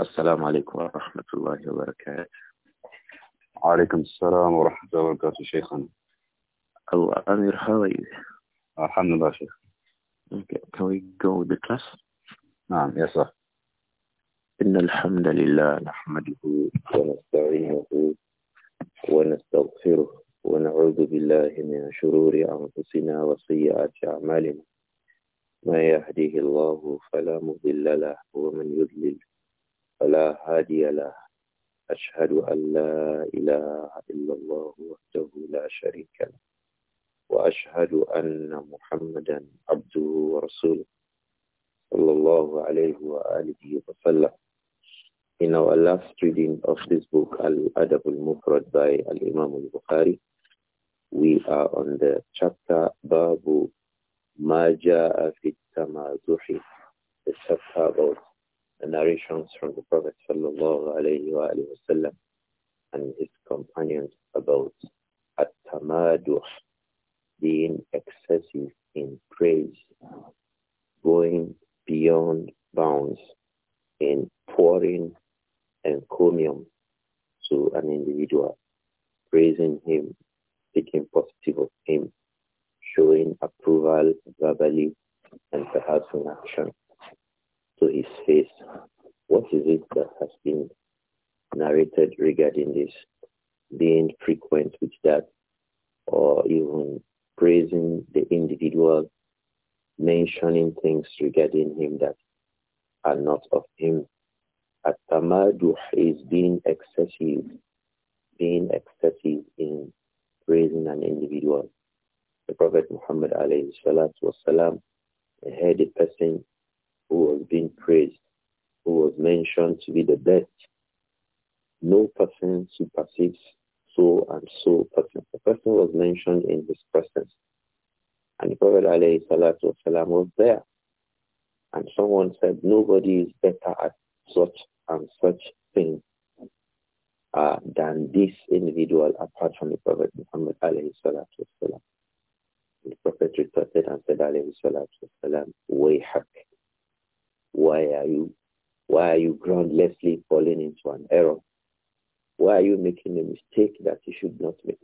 السلام عليكم ورحمة الله وبركاته وعليكم السلام ورحمة الله وبركاته شيخنا الله أمير how are you? شيخ. Okay, can we go with the class? نعم, يا صاح إن الحمد لله نحمده ونستعينه ونستغفره ونعوذ بالله من شرور أنفسنا وسيئات أعمالنا ما يهديه الله فلا مضل له ومن يضلل فلا هادي له أشهد أن لا إله إلا الله وحده لا شريك له وأشهد أن محمدا عبده ورسوله صلى الله عليه وآله وسلم In our last reading of this book, Al-Adab al-Mufrad by Al-Imam al-Bukhari, we are on the chapter Babu Maja Fit Tamazuhi, the chapter about the narrations from the Prophet and his companions about at-tamaduh, being excessive in praise, going beyond bounds in pouring encomium to an individual, praising him, speaking positive of him, showing approval verbally and perhaps in action to his face. What is it that has been narrated regarding this? Being frequent with that or even praising the individual, mentioning things regarding him that are not of him. At-tamaduh is being excessive, being excessive in praising an individual. The Prophet Muhammad alayhi salatu wasalam heard a person who was being praised, who was mentioned to be the best. No person supersedes so and so person. The person was mentioned in his presence. And the Prophet alayhi salatu was there. And someone said, nobody is better at such and such thing uh, than this individual apart from the Prophet Muhammad alayhi should not be.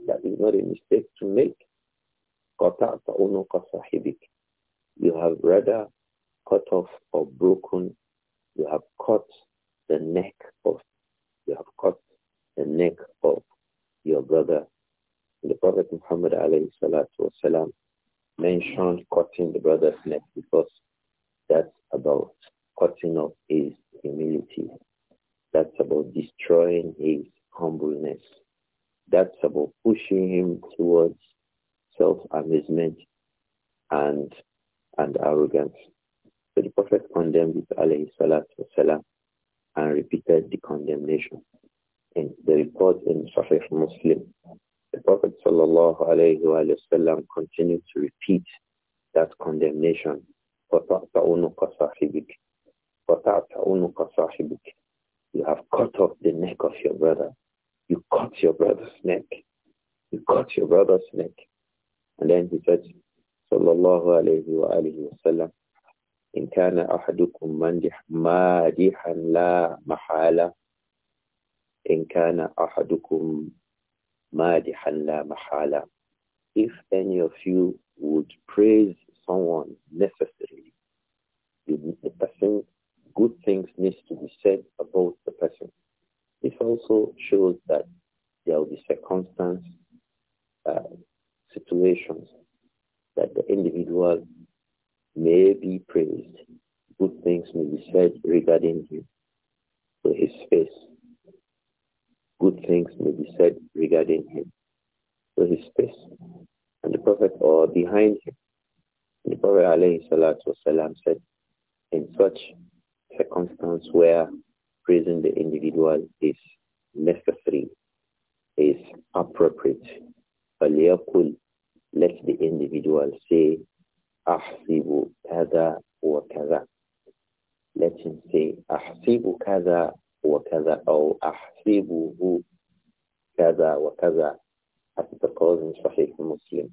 كذا وكذا أو أحسبه كذا وكذا as it occurs in Sahih Muslim.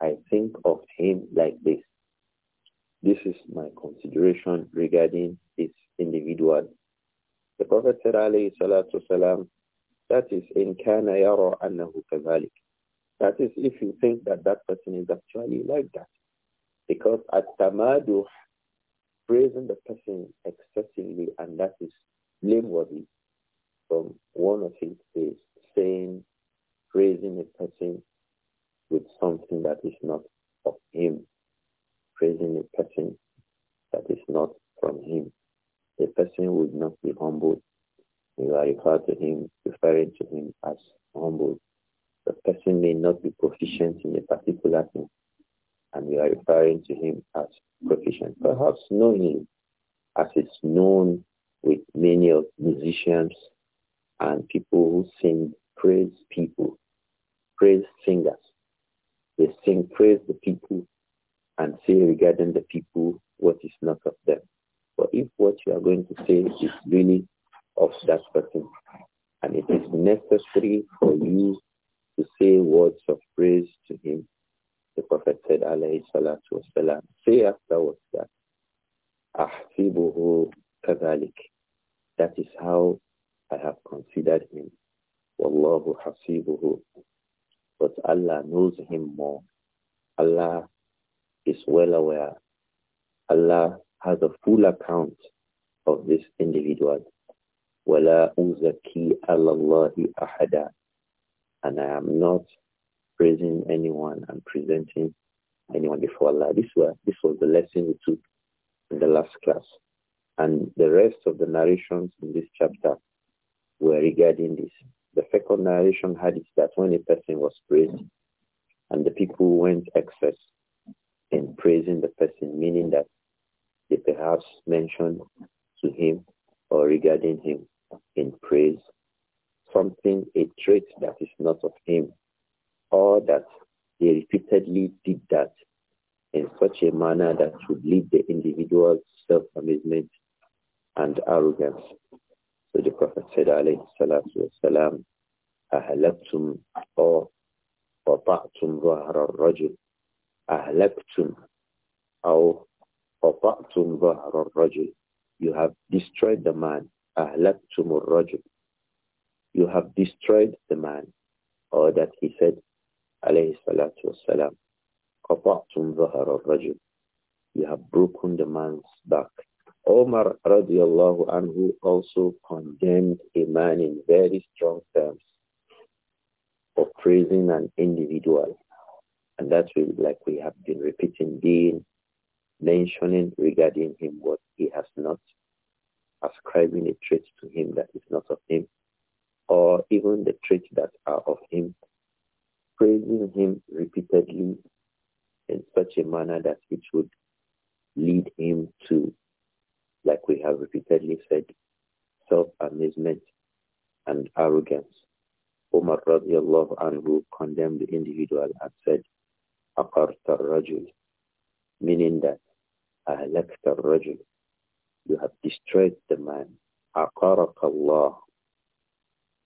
I think of him like this. This is my consideration regarding this individual. The Prophet said, alayhi salatu salam, that is, in kana yara annahu kazalik. That is, if you think that that person is actually like that. Because at tamaduh, praising the person excessively, and that is blameworthy from one of it is saying, praising a person with something that is not of him, praising a person that is not from him. The person would not be humble. You are referred to him, referring to him as humble. The person may not be proficient in a particular thing, and you are referring to him as proficient. Perhaps knowing as is known with many of musicians and people who sing praise people, praise singers. They sing praise the people and say regarding the people what is not of them. But if what you are going to say is really of that person, and it is necessary for you to say words of praise to him, the Prophet said, alayhi salatu wasalam, say afterwards that, أحسبه كذلك that is how I have considered him. Wallahu hasibuhu. But Allah knows him more. Allah is well aware. Allah has a full account of this individual. وَلَا أُزَكِي allahi اللَّهِ And I am not praising anyone and presenting anyone before Allah. This was, this was the lesson we took in the last class. And the rest of the narrations in this chapter were regarding this. The second narration had it that when a person was praised and the people went excess in praising the person, meaning that they perhaps mentioned to him or regarding him in praise something, a trait that is not of him, or that they repeatedly did that in such a manner that would lead the individual to self-amazement and arrogance. So the Prophet said, alayhi salatu wasalam, أهلكتم أو قطعتم ظهر الرجل أهلكتم أو قطعتم ظهر الرجل You have destroyed the man. أهلكتم الرجل You have destroyed the man. Or that he said, عليه الصلاة والسلام, قطعتم ظهر الرجل You have broken the man's back. Omar radiallahu anhu also condemned a man in very strong terms for praising an individual. And that's really like we have been repeating, being mentioning regarding him what he has not, ascribing a trait to him that is not of him, or even the traits that are of him, praising him repeatedly in such a manner that it would lead him to like we have repeatedly said, self-amazement and arrogance. Umar radiallahu anhu condemned the individual and said, Aqarta rajul, meaning that Ahlakta rajul, you have destroyed the man. Aqaraka Allah,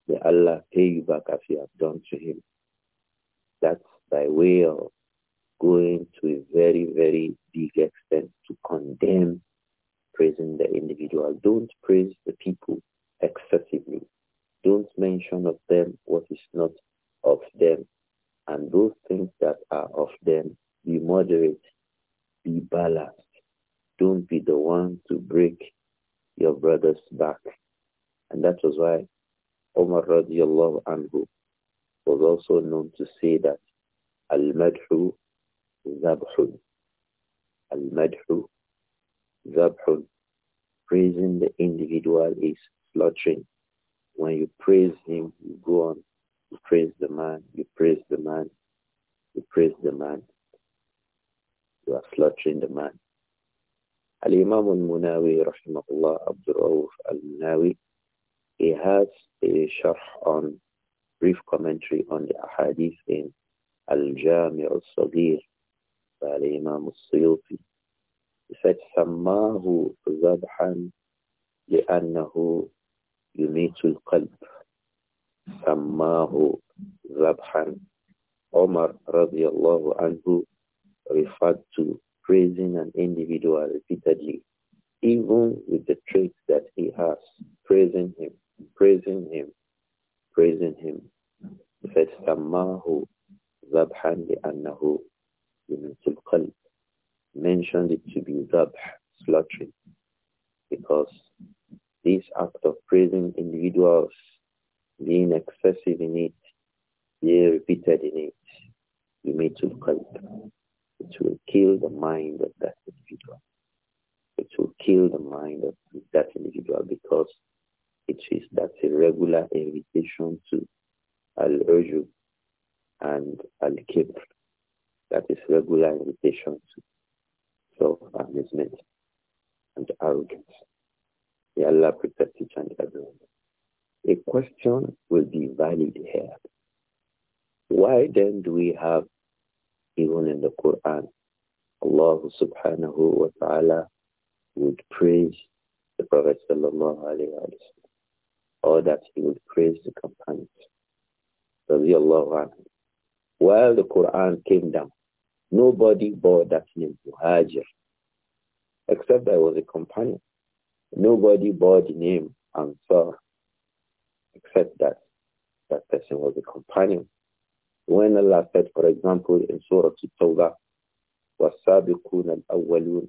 may Allah pay you back as you have done to him. That's by way of going to a very, very big extent to condemn praising the individual. Don't praise the people excessively. Don't mention of them what is not of them. And those things that are of them, be moderate, be balanced. Don't be the one to break your brother's back. And that was why Omar radiallahu anhu was also known to say that Al-Madhu Zabhun. Al-Madhu Zabhun. Praising the individual is slaughtering. When you praise him, you go on. You praise the man, you praise the man, you praise the man. You are slaughtering the man. Al-Imam al-Munawi, rahimahullah, Abdul Rauf al-Munawi, he has a sharh on brief commentary on the ahadith in Al-Jami' al-Saghir by Imam al-Suyuti he said, سَمَّاهُ ذَبْحًا لِأَنَّهُ يُمِيتُ الْقَلْبِ سَمَّاهُ ذَبْحًا Omar radiallahu anhu referred to praising an individual repeatedly, even with the traits that he has, praising him, praising him, praising him. He said, سَمَّاهُ ذَبْحًا لِأَنَّهُ يُمِيتُ الْقَلْبِ mentioned it to be zabh, slaughtering, because this act of praising individuals, being excessive in it, being repeated in it, you may to qalb. It will kill the mind of that individual. It will kill the mind of that individual because it is that's a regular invitation to al-urju and al-kibr. That is regular invitation to self-amusement and arrogance. May Allah protect each and everyone. A question will be valid here. Why then do we have, even in the Quran, Allah subhanahu wa ta'ala would praise the Prophet sallallahu alayhi wa or that he would praise the companions, Allah while the Quran came down Nobody bore that name, Muhajir, except I was a companion. Nobody bore the name Ansar, except that that person was a companion. When Allah said, for example, in Surah At-Tawbah, والسابقون الأولون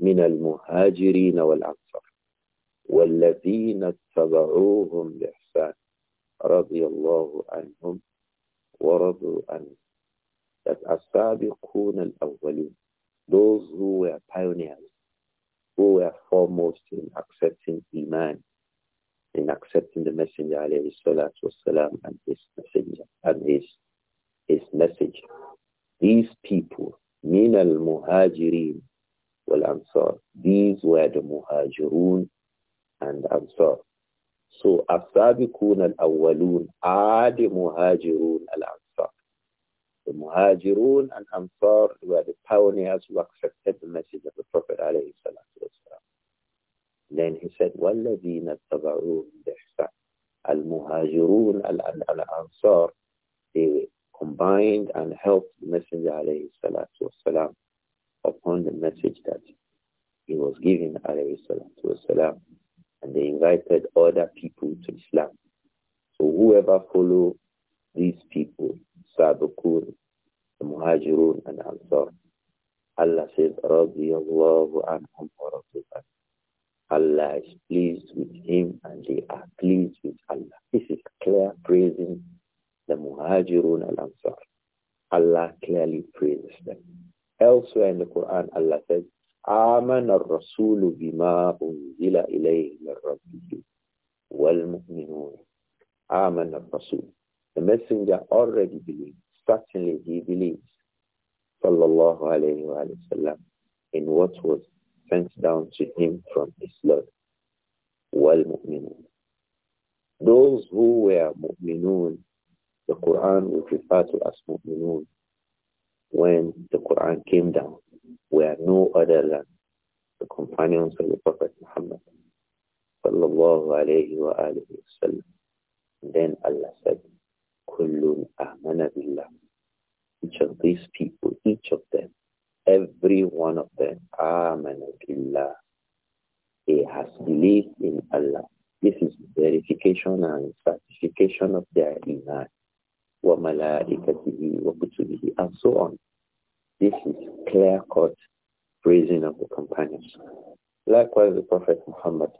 من المهاجرين والأنصار والذين اتبعوهم بإحسان رضي الله عنهم ورضوا عنه that as al-Awwalin, those who were pioneers, who were foremost in accepting Iman, in accepting the Messenger alayhi salatu wasalam and his messenger and his his message. These people, min al muhajirin wal ansar, these were the muhajirun and ansar. So as-sabiqun al-awwalun are the muhajirun al the Muhajirun and Ansar were the pioneers who accepted the message of the Prophet alayhi salatu Then he said, وَالَّذِينَ اتَّبَعُوهُ بِإِحْسَانٍ Al-Muhajirun and ansar they combined and helped the Messenger alayhi salatu wasalam upon the message that he was given alayhi salatu wasalam. And they invited other people to Islam. So whoever follow these people السابقون المهاجرون الأنصار Allah says radiyallahu anhum wa radiyan Allah is pleased with him and they are pleased with Allah. This is clear praising the Muhajirun al-Ansar. Allah clearly praises them. Elsewhere in the Quran, Allah says, آمن الرسول بما أنزل إليه من ربه والمؤمنون آمن الرسول the messenger already believed. Certainly he believes. Sallallahu alayhi wa sallam. In what was sent down to him from his Lord. Wal-muminun. Those who were mu'minun, the Quran would refer to as mu'minun when the Quran came down, were no other than the companions of the Prophet Muhammad sallallahu alayhi wa sallam. Then Allah said, kullun amana billah. Each of these people, each of them, every one of them, amana billah. He has believed in Allah. This is verification and certification of their iman. Wa malaikatihi wa kutubihi and so on. This is clear-cut praising of the companions. Likewise, the Prophet Muhammad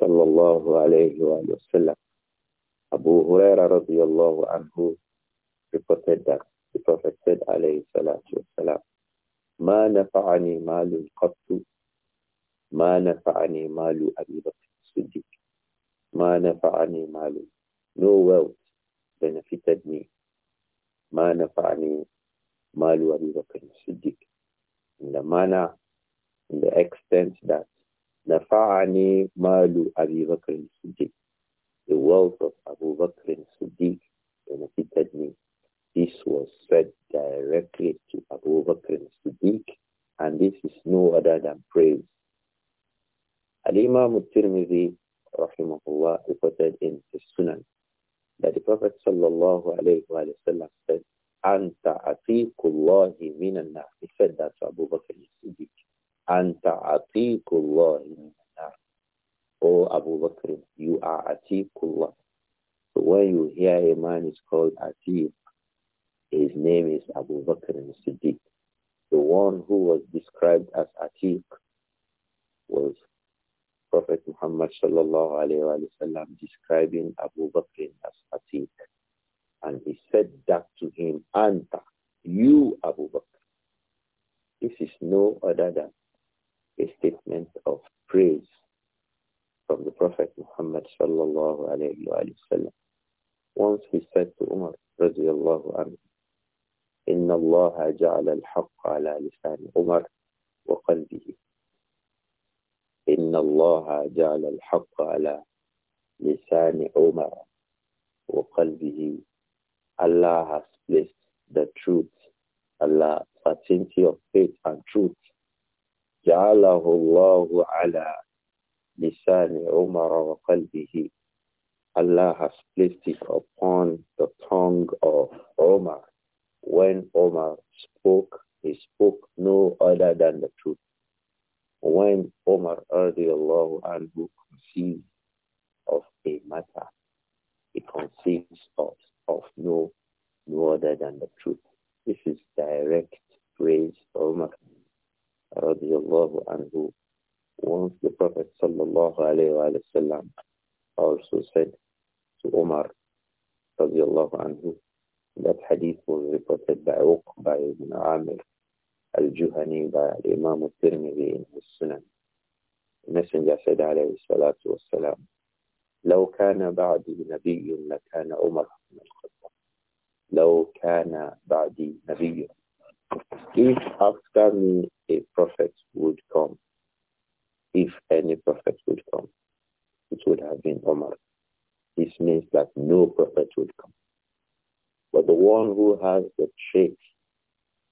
sallallahu alayhi wa sallam Abu Huraira radiallahu anhu reported that the Prophet said alayhi salatu wasalam, ما نفعني مال قط ما نفعني مال أبي بكر الصديق ما نفعني مال no wealth benefited me ما نفعني مال أبي بكر الصديق in the manner in the extent that نفعني مال أبي بكر الصديق the wealth of Abu Bakr Siddiq benefited me. This was said directly to Abu Bakr Siddiq, and this is no other than praise. Al-Imam al-Tirmidhi, rahimahullah, reported in his Sunan that the Prophet sallallahu alayhi wa sallam said, Anta atiqullahi minan nar. He said that to Abu Bakr Siddiq. Anta atiqullahi minan O oh, Abu Bakr, you are Atiqullah. So when you hear a man is called Atiq, his name is Abu Bakr Siddiq. The one who was described as Atiq was Prophet Muhammad sallallahu alayhi wa sallam describing Abu Bakr as Atiq. And he said that to him, Anta, you Abu Bakr. This is no other than a statement of praise from the Prophet Muhammad sallallahu alayhi wa sallam. Once he said to Umar radiallahu anhu, إن الله جعل الحق على لسان عمر وقلبه إن الله جعل الحق على لسان عمر وقلبه Allah has placed the truth, Allah certainty of faith and truth. جعله الله على lisani Umar wa Allah has placed it upon the tongue of Omar. When Omar spoke, he spoke no other than the truth. When Omar radiallahu anhu conceived of a matter, he conceives of, of no, no other than the truth. This is direct praise Omar radiallahu anhu once the Prophet sallallahu alayhi wa also said to Omar radiallahu anhu, that hadith was reported by Uqba ibn Amir al-Juhani by Imam al-Tirmidhi in his Sunan. The Messenger said alayhi salatu لو كان بعدي نبي لكان عمر بن الخطاب لو كان بعدي نبي If after me a prophet would come, if any prophet would come. It would have been Omar. This means that no prophet would come. But the one who has the trait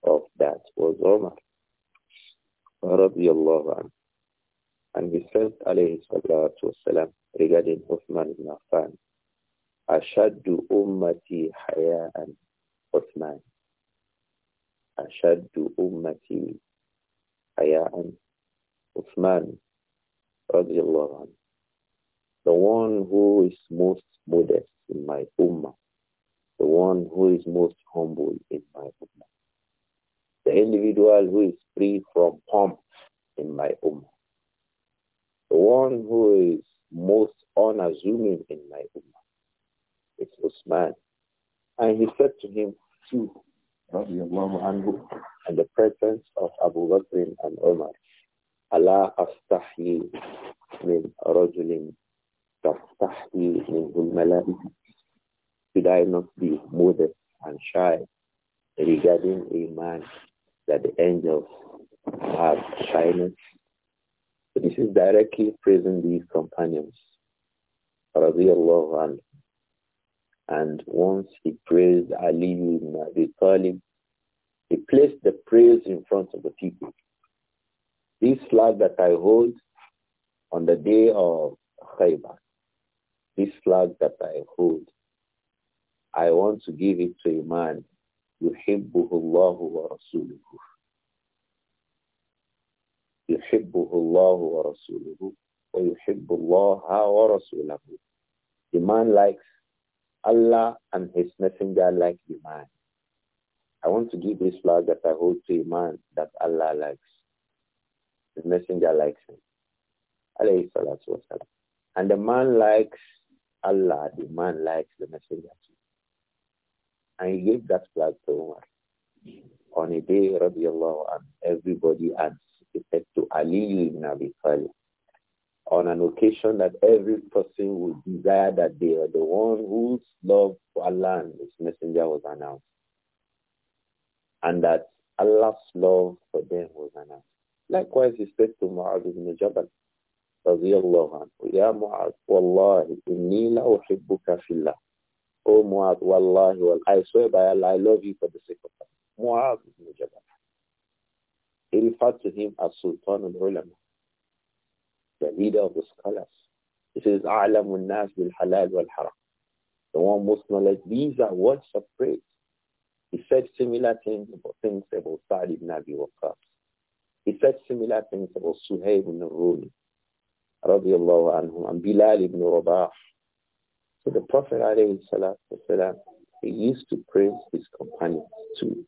of that was Omar. And he said, alayhi salatu wasalam, regarding Uthman ibn Affan, Ashaddu ummati haya'an Uthman. Ashaddu ummati haya'an Uthman the one who is most modest in my ummah, the one who is most humble in my ummah, the individual who is free from pomp in my ummah, the one who is most unassuming in my ummah. It's Usman. And he said to him, too, and the presence of Abu Bakr and Umar. ألا أستحي من رجل تستحي منه الملائكة Should I not be modest and shy regarding a man that the angels have shyness? This is directly praising these companions, radiallahu And once he praised Ali ibn Abi Talib, he placed the praise in front of the people. This flag that I hold on the day of Khaybar, this flag that I hold, I want to give it to a man, يحبه الله ورسوله. يحبه الله ورسوله ويحب الله ورسوله. The man likes Allah and his messenger like the man. I want to give this flag that I hold to a man that Allah likes. The messenger likes him. Alayhi salatu And the man likes Allah, the man likes the messenger too. And he gave that flag to Umar. On a day, radiallahu anh, everybody said to Ali ibn Abi Talib. On an occasion that every person would desire that they are the one whose love for Allah and his messenger was announced. And that Allah's love for them was announced. Likewise, he said to Mu'adh ibn Jabal, رضي الله عنه يا معاذ والله إني لا أحبك في الله Oh Mu'adh, wallahi, well, I swear by Allah, I love you for the sake of Allah. Mu'adh ibn Jabal. He referred to him as Sultan al-Ulama, the leader of the scholars. He says, أعلم الناس بالحلال والحرام. The one most knowledge. These are words of praise. He said similar things about, things about Sa'd ibn Abi Waqqas. He said similar things about Suhaib ibn Rumi, radiallahu anhu, and Bilal ibn Rabah. So the Prophet, alayhi salatu wasalam, he used to praise his companions too,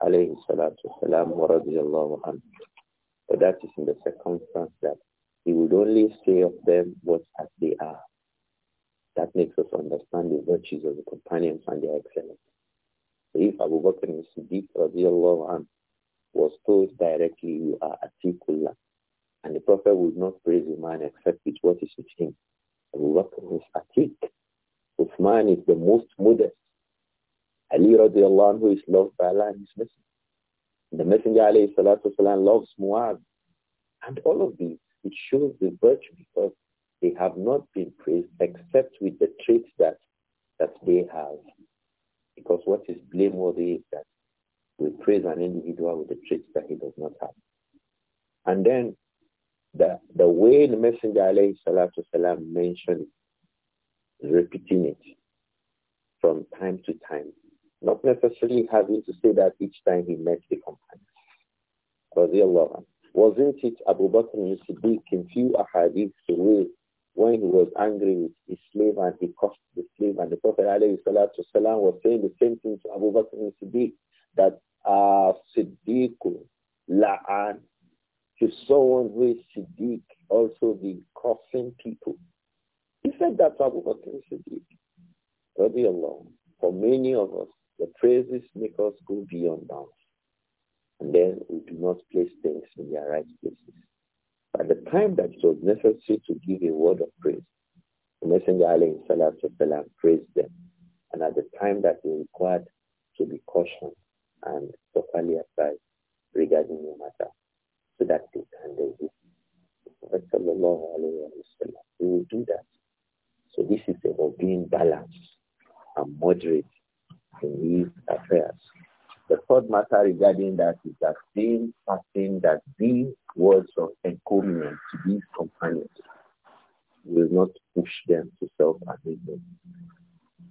alayhi salatu wasalam, radiallahu anhu. But that is in the circumstance that he would only say of them what as they are. That makes us understand the virtues of the companions and their excellence. So if Abu Bakr and Siddiq, radiallahu anhu, was told directly, you are Atikullah. And the Prophet would not praise a man except with what is with him. Abu Bakr is Atik. Uthman is the most modest. Ali radiallahu anhu is loved by Allah and his messenger. The messenger alayhi salatu wasalam, loves Mu'adh. And all of these, it shows the virtue because they have not been praised except with the traits that, that they have. Because what is blameworthy is that we praise an individual with the traits that he does not have. And then the, the way the Messenger alayhi salatu salam mentioned it, repeating it from time to time, not necessarily having to say that each time he met the companion. Wasn't it Abu Bakr al-Siddiq in few ahadith away when he was angry with his slave and he cursed the slave and the Prophet (ﷺ) was saying the same thing to Abu Bakr al-Siddiq that are siddiq, La'an, to someone who is Siddiq also be cursing people? He said that to Abu Bakr Siddiq, Rabbi alone, For many of us, the praises make us go beyond bounds. And then we do not place things in their right places. By the time that it was necessary to give a word of praise, the Messenger alayhi salatu praised them. And at the time that they required to be cautioned, and properly advised regarding your matter so that they can then do. we Prophet will do that. So this is about being balanced and moderate in these affairs. The third matter regarding that is that same person that these words of encouragement to these companions will not push them to self-amazement.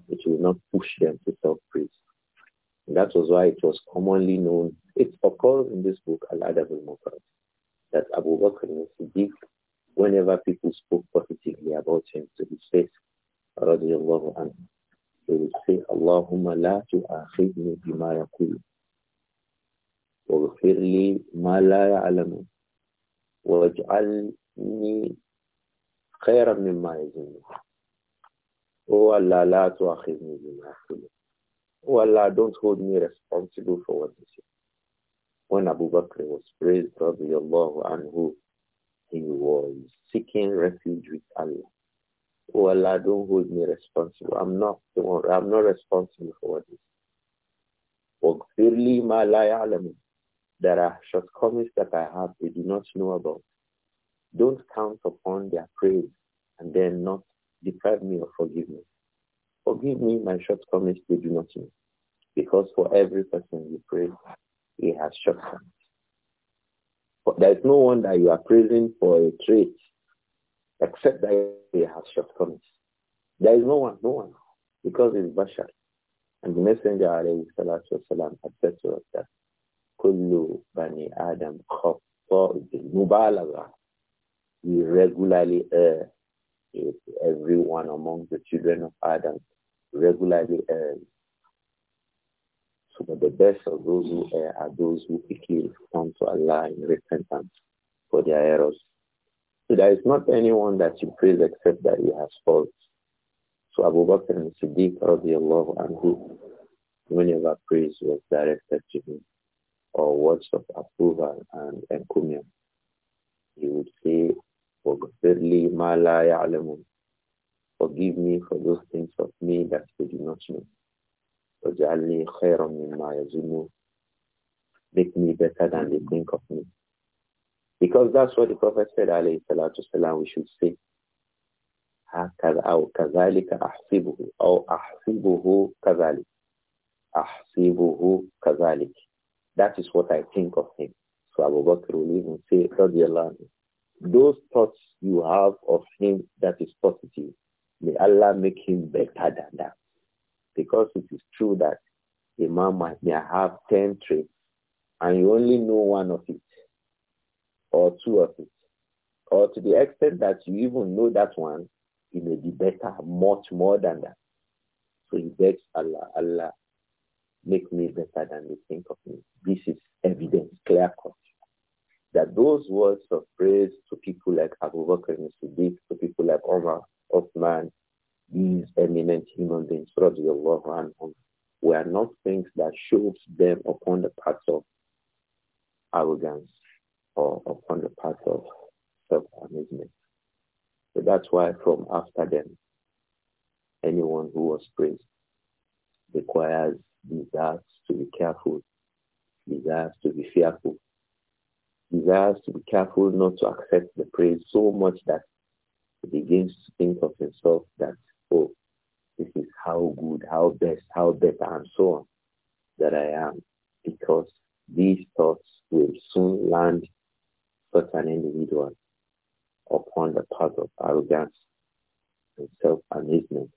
It will not push them to self-praise. That was why it was commonly known. It occurs in this book, Al-Adab al-Mufrad, that Abu Bakr al-Siddiq, whenever people spoke positively about him to his face, radiallahu anhu, he would say, Allahumma la tu'akhidni bima yakulu. واغفر لي ما لا يعلم واجعلني خيرا مما يظن هو لا لا تؤاخذني بما يقول Oh Allah, don't hold me responsible for what is here. When Abu Bakr was praised, Allah, and who he was seeking refuge with Allah. Oh Allah, don't hold me responsible. I'm not the one, I'm not responsible for what is Waghfirli ma la ya'lamun. There are shortcomings that I have they do not know about. Don't count upon their praise and then not deprive me of forgiveness. Forgive me my shortcomings they do not know. Because for every person you pray, he has shortcomings. But there is no one that you are praising for a trait except that he has shortcomings. There is no one, no one. Because it's Bashar. And the Messenger alayhi salatu wasalam had said to us that Kullu Bani Adam Mubalaga. We regularly err every everyone among the children of Adam regularly errs. Um, so the best of those who err are those who quickly come to Allah in repentance for their errors. So there is not anyone that you praise except that he has faults. So Abu Bakr and Siddiq radiallahu anhu, whenever praise was directed to him, or words of approval and encomium, he would say, وَغْفِرْ لِي مَا لَا Forgive me for those things of me that they do not know. وَجَعَلْنِي خَيْرًا مِمَّا يَزُمُونَ Make me better than they think of me. Because that's what the Prophet said, alayhi salatu salam, we should say. أو كذلك أحسبه أو أحسبه كذلك أحسبه كذلك That is what I think of him. So Abu Bakr will even say, radiallahu those thoughts you have of him that is positive, May Allah make him better than that. Because it is true that a man may have 10 traits and you only know one of it or two of it. Or to the extent that you even know that one, it may be better, much more than that. So he begs Allah, Allah, make me better than you think of me. This is evidence, clear cut, that those words of praise to people like Abu Bakr and Siddiq, to people like Omar, man, these eminent human beings, radiallahu anhum, were not things that showed them upon the path of arrogance or upon the path of self-amazement. So that's why from after them, anyone who was praised requires desires to be careful, desires to be fearful, desires to be careful not to accept the praise so much that he begins to think of himself that, oh, this is how good, how best, how better, and so on that I am. Because these thoughts will soon land such an individual upon the path of arrogance and self-amazement,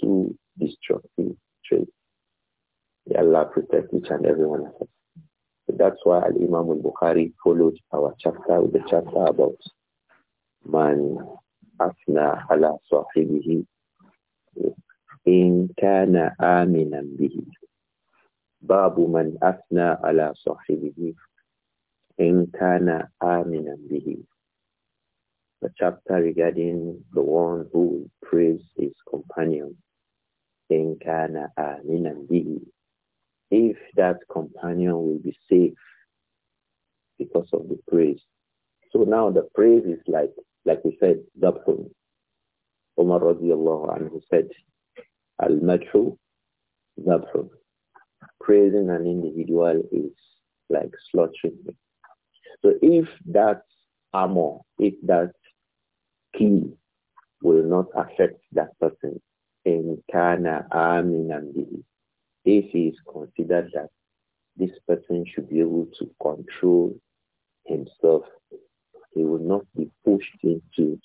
two destructive traits. May Allah protect each and every one of us. So that's why Al Imam al-Bukhari followed our chapter with the chapter about man أثنى على صاحبه إن كان آمنا به باب من أثنى على صاحبه إن كان آمنا به The chapter regarding the one who praise his companion إن كان آمنا به If that companion will be safe because of the praise. So now the praise is like like we said, Dabhun. Umar radiallahu anhu said, Al-Madhu Dabhun. Praising an individual is like slaughtering him. So if that armor, if that key will not affect that person, in kana aminan and if he is considered that this person should be able to control himself he will not be pushed into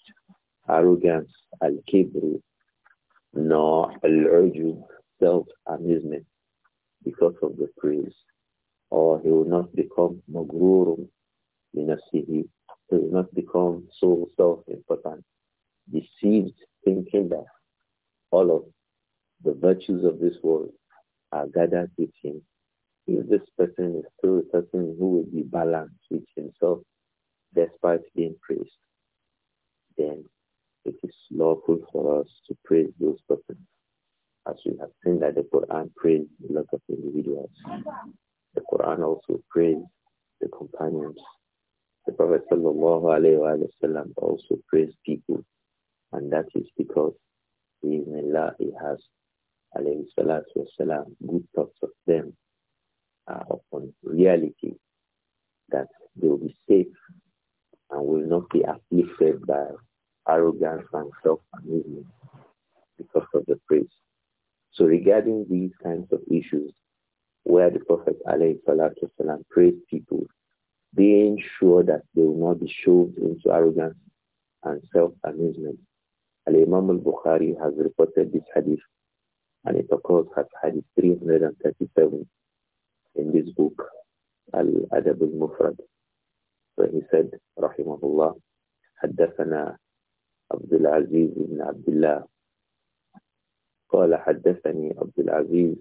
arrogance, al-kibru, nor allured to self-amusement because of the praise. Or he will not become magrurum in a city. He will not become so self-important, deceived, thinking that all of the virtues of this world are gathered with him. If this person is still a person who will be balanced with himself despite being praised, then it is lawful for us to praise those persons. As we have seen that the Quran praised a lot of individuals. The Quran also praised the companions. The Prophet wasallam also praised people. And that is because he has alayhi salatu wasalam, good thoughts of them uh, upon reality that they will be safe and will not be afflicted by arrogance and self-amusement because of the praise. So regarding these kinds of issues, where the Prophet والسلام, praised people, being sure that they will not be shoved into arrogance and self-amusement. Al-Imam al-Bukhari has reported this hadith and it occurs hadith 337 in this book, Al-Adab al-Mufrad. So he said, Rahimahullah, حدثنا عبد العزيز بن عبد الله قال حدثني عبد العزيز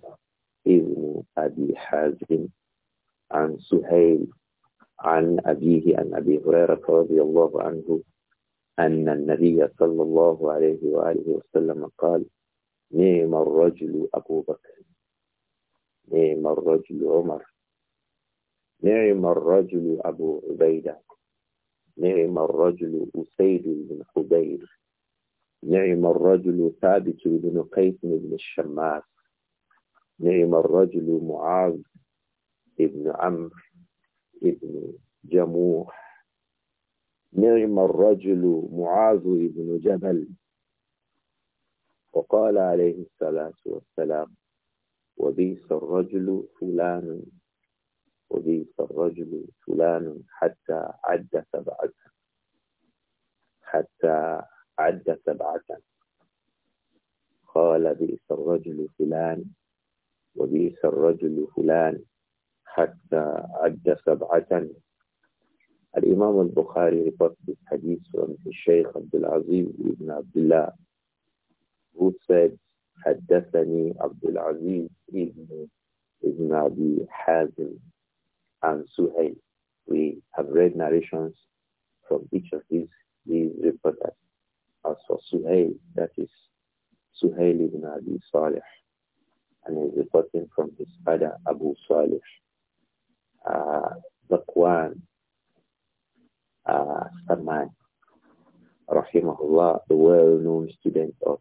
ابن أبي حازم عن سهيل عن أبيه عن أبي هريرة رضي الله عنه أن النبي صلى الله عليه وآله وسلم قال نعم الرجل أبو بكر نعم الرجل عمر نعم الرجل أبو عبيدة نعم الرجل أسيد بن حبير نعم الرجل ثابت بن قيس بن الشماس نعم الرجل معاذ بن عمرو بن جموح نعم الرجل معاذ بن جبل وقال عليه الصلاة والسلام وبئس الرجل فلان أضيف الرجل فلان حتى عد سبعة حتى عد سبعة قال بئس الرجل فلان وبئس الرجل فلان حتى عد سبعة الإمام البخاري ربط this عن الشيخ عبد العزيز بن عبد الله هو سيد حدثني عبد العزيز ابن ابن أبي حازم and Suhail. We have read narrations from each of these, these reporters. As for Suhail, that is Suhail ibn Abi Salih, and he's reporting from his father Abu Salih. Uh, Zakwan, uh, Saman, rahimahullah, the well-known student of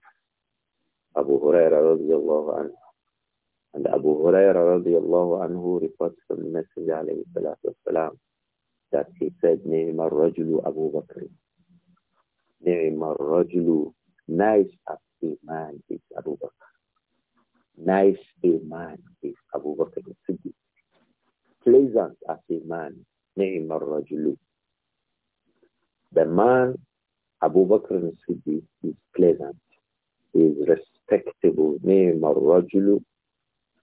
Abu Huraira radiallahu anhu and Abu Hurairah radiallahu anhu reports from the Messenger alayhi salatu wasalam that he said, Ni'mar rajulu Abu Bakr. Ni'mar rajulu. Nice a man is Abu Bakr. Nice a man is Abu Bakr Siddiq. Pleasant as a man, Ni'mar rajulu. The man, Abu Bakr Siddiq, is pleasant. He is respectable. Ni'mar rajulu.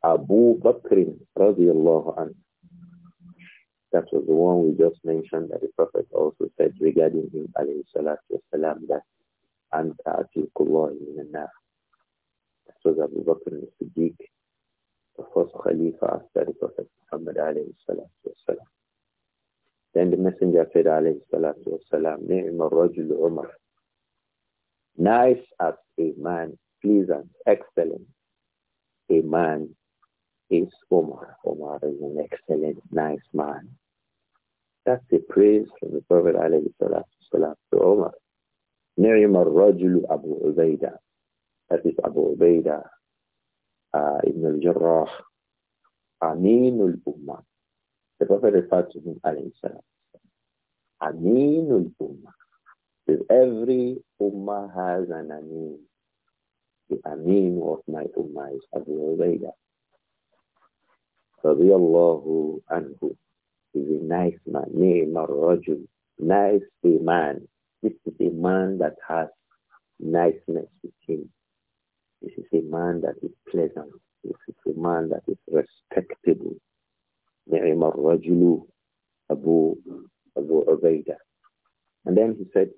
Abu Bakr radiallahu anhu. That was the one we just mentioned that the Prophet also said regarding him, alayhi salatu wasalam, that Anta atikullah minanar. That was Abu Bakr al-Siddiq, the first Khalifa after the Prophet Muhammad alayhi salatu wasalam. Then the Messenger said alayhi salatu wasalam, ni'ma rajul umar. Nice as a man, pleasant, excellent, a man is Omar. Omar is an excellent, nice man. That's the praise from the Prophet ﷺ to Omar. نعم الرجل Abu عبيدة. That is Abu Ubaidah, uh, Ibn al-Jarrah, Aminul Ummah. The Prophet referred to him, alayhi salam. Aminul Ummah. Because every Ummah has an Amin. The Amin of my Ummah is Abu Ubaidah radiallahu anhu. He's a nice man. Ni'mar rajul. Nice a man. This is a man that has niceness with him. This is a man that is pleasant. This is a man that is respectable. Ni'mar rajulu Abu, Abu Ubaidah. And then he said,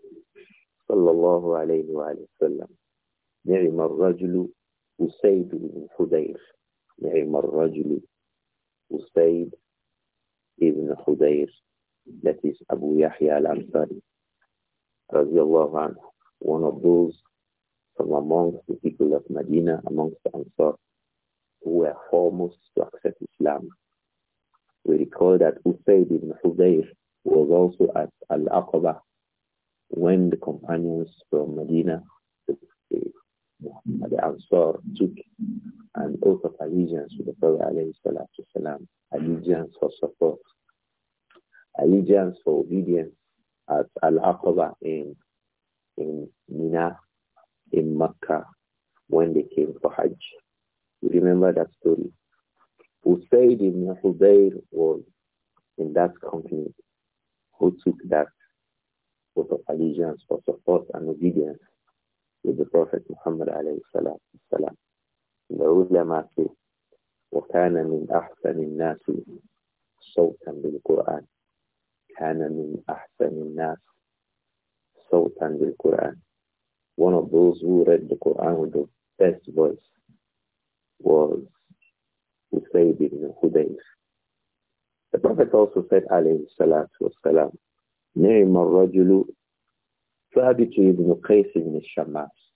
sallallahu alayhi wa sallam, نعم الرجل أسيد بن حدير نعم rajulu. Usaid ibn Hudayr, that is Abu Yahya al-Ansari, one of those from amongst the people of Medina, amongst the Ansar, who were foremost to accept Islam. We recall that Usaid ibn Hudayr was also at Al-Aqaba when the companions from Medina, the and the Ansar took an oath of allegiance to the Prophet alayhi allegiance for support, allegiance for obedience at Al-Aqaba in, in Mina, in Mecca, when they came for Hajj. You remember that story? Usaid ibn Hudayr was in that company who took that oath of allegiance for support and obedience with the Prophet Muhammad alayhi salam. The ulama say, وكان من أحسن الناس صوتا بالقرآن كان من أحسن الناس صوتا بالقرآن One of those who read the Quran with the best voice was Usayd ibn Hudayf. The Prophet also said, alayhi salatu wasalam, نعم الرجل ثابت بن قيس بن الشماس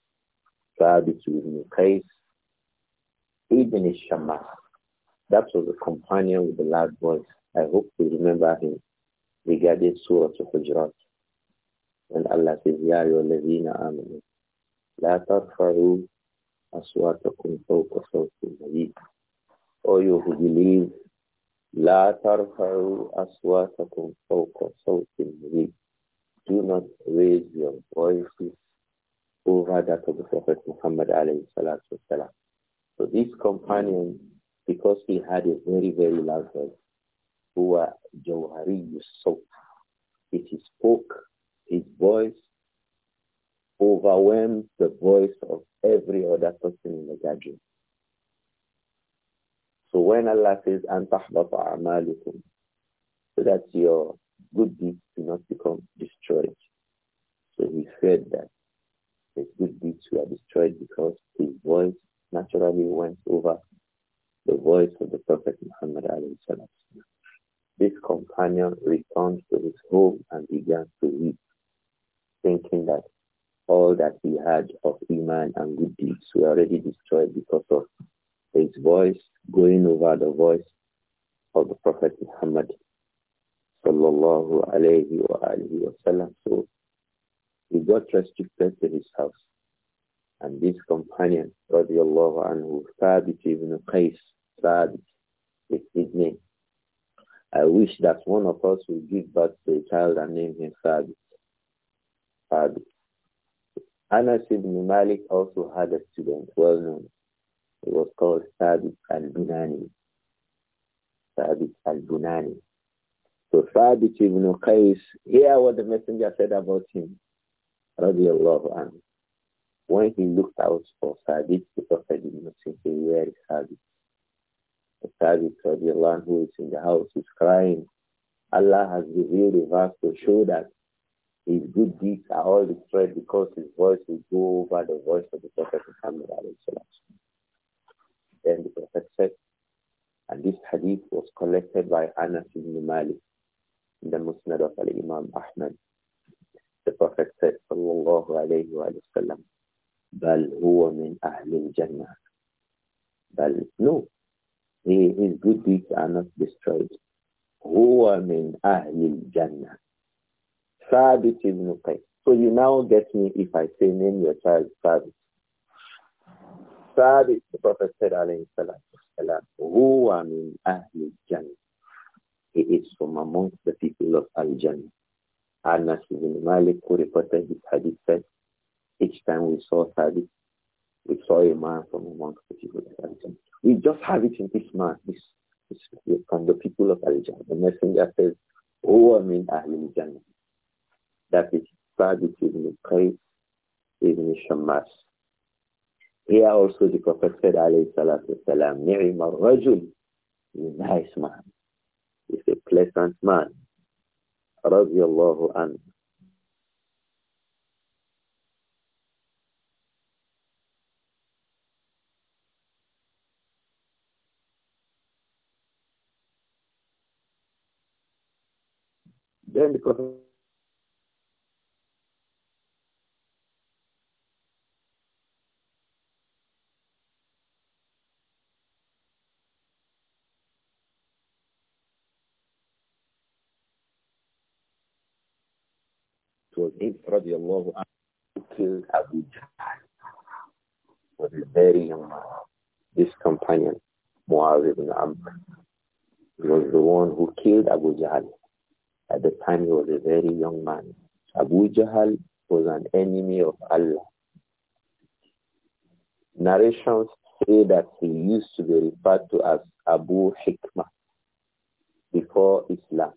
ثابت بن قيس ابن الشماس That was the companion with the loud voice. I hope you remember him regarding Surah Al-Hujurat. And Allah says, "Ya أَيُّهَا الَّذِينَ La لَا تَرْفَعُوا أَصْوَاتَكُمْ فَوْقَ صَوْتِ O you who believe, لَا تَرْفَعُوا أَصْوَاتَكُمْ do not raise your voices over that of the Prophet Muhammad alayhi salatu So this companion, because he had a very, very loud voice, who were Jawhari Yusuf, it is spoke, his voice overwhelmed the voice of every other person in the gathering. So when Allah says, أَنْ تَحْبَطَ أَعْمَالِكُمْ So that your good deeds do not become destroyed. So he feared that his good deeds were destroyed because his voice naturally went over the voice of the Prophet Muhammad This companion returned to his home and began to weep, thinking that all that he had of Iman and good deeds were already destroyed because of his voice going over the voice of the Prophet Muhammad sallallahu Alaihi Wasallam. So he got restricted to his house. And this companion, radiallahu anhu, Thabit even a Thabit, is his name. I wish that one of us would give birth to a child and name him Thabit. Thabit. Anas ibn Malik also had a student, well known. He was called Thabit al-Bunani. Thabit al-Bunani. So Thabit ibn Qais, hear what the messenger said about him, radiallahu And When he looked out for Sadiq, the Prophet did not say, where is Sadiq. The Sadiq, radiallahu anhu, in the house, is crying. Allah has revealed a verse to show that his good deeds are all destroyed because his voice will go over the voice of the Prophet Muhammad. Then the Prophet said, and this hadith was collected by Anas ibn Malik the Musnad of Al-Imam Ahmad. The Prophet said, Sallallahu alayhi wa sallam, بَلْ هُوَ مِنْ أَهْلِ الْجَنَّةِ بَلْ No, he, his good deeds are not destroyed. هُوَ مِنْ أَهْلِ الْجَنَّةِ ثابت ibn Qais. So you now get me if I say name your child Sabit. Sabit, the Prophet said alayhi salatu wasalam, huwa min ahli jannah. He is from amongst the people of Al-Jannah. Anas ibn Malik who reported his hadith said, each time we saw hadith, we saw a man from amongst the people of Al-Jannah. We just have it in this man, this, this, from the people of Al-Jannah. The messenger says, Huwa min Al-Jannah, Jannah. That is Sadiq ibn Qais ibn Shammas. Here also the Prophet said, alayhi salatu wasalam, Ni'ma rajul, nice man is a pleasant man. Radiallahu anhu. Then the Prophet It radiallahu anhu killed Abu Jahl. Was a very young uh, man. This companion, Muaz ibn Amr, was the one who killed Abu Jahl. At the time he was a very young man. Abu Jahl was an enemy of Allah. Narrations say that he used to be referred to as Abu Hikmah before Islam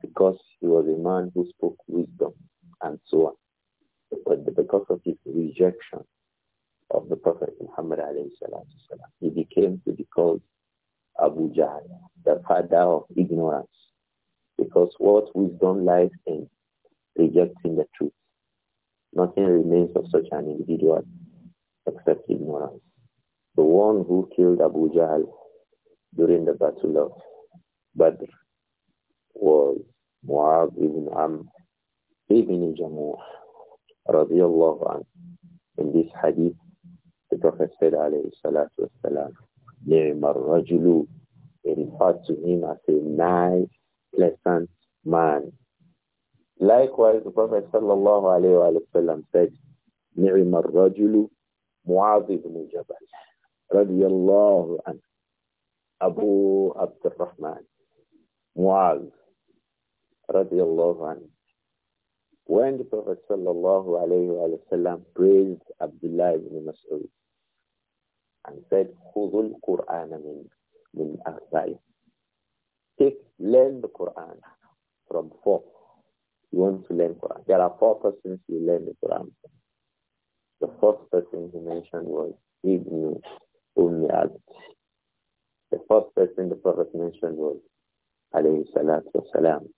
because he was a man who spoke wisdom and so on. But because of his rejection of the Prophet Muhammad والسلام, he became to be called Abu Jahl, the father of ignorance. Because what wisdom lies in rejecting the truth. Nothing remains of such an individual except ignorance. The one who killed Abu Jahl during the Battle of Badr was Mu'ab ibn Amr Ibn Jamur, radiallahu anhu. In this hadith, the Prophet said, alayhi salatu wasalam, Ni'mar rajulu. He referred to him as a nice, pleasant man. Likewise, the Prophet sallallahu alayhi wa sallam said, Ni'mar rajulu Mu'adh ibn Jabal, radiallahu anhu. Abu Abdurrahman, Mu'adh, radiallahu anhu. When the Prophet sallallahu alayhi wasallam praised Abdullah ibn Mas'ud and said, Take, learn the Quran from four. You want to learn Quran. There are four persons you learn the Quran from. The first person he mentioned was Ibn Ummi The first person the Prophet mentioned was alayhi salatu salam.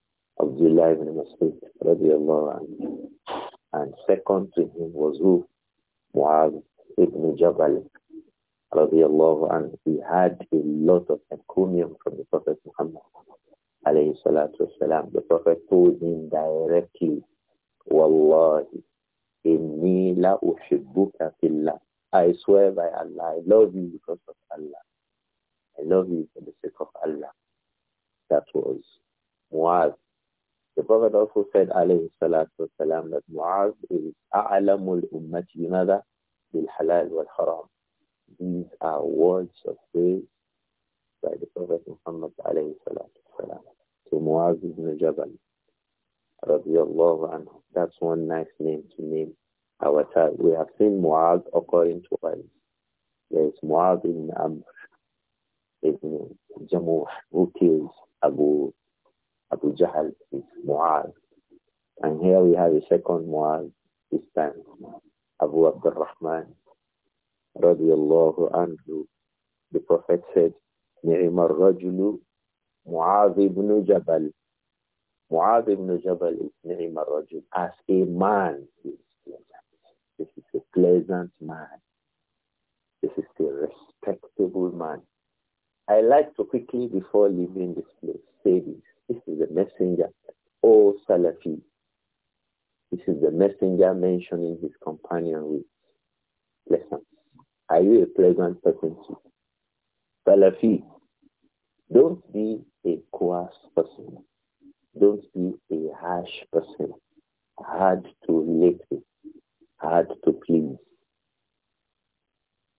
Abdullah ibn Masud radiallahu anhu. And second to him was who? Muaz ibn Jabal radiallahu anhu. He had a lot of encomium from the Prophet Muhammad alayhi salatu wasalam. The Prophet told him directly, Wallahi, inni la ushibbuka fillah. I swear by Allah, I love you because of Allah. I love you for the sake of Allah. That was Muaz the Prophet also said, alayhi salatu wasalam, that Mu'az is a'lamul ummati bimada bil halal wal haram. These are words of praise by the Prophet Muhammad alayhi salatu wasalam. To Mu'az ibn Jabal, radiallahu anhu. That's one nice name to name our child. We have seen Mu'az according to twice. There is Mu'az ibn Amr ibn Jamuh who kills Abu Abu Jahl is Mu'az. And here we have a second Mu'az, this time Abu Rahman, radiallahu anhu. The Prophet said, Ni'mar rajulu Mu'az ibn Jabal. Mu'az ibn Jabal is Ni'mar rajul. As a man, This is a pleasant man. This is a respectable man. I like to quickly, before leaving this place, say this. This is the messenger. O Salafi. This is the messenger mentioning his companion with lessons. Are you a pleasant person too? Salafi. Don't be a coarse person. Don't be a harsh person. Hard to relate with. Hard to please.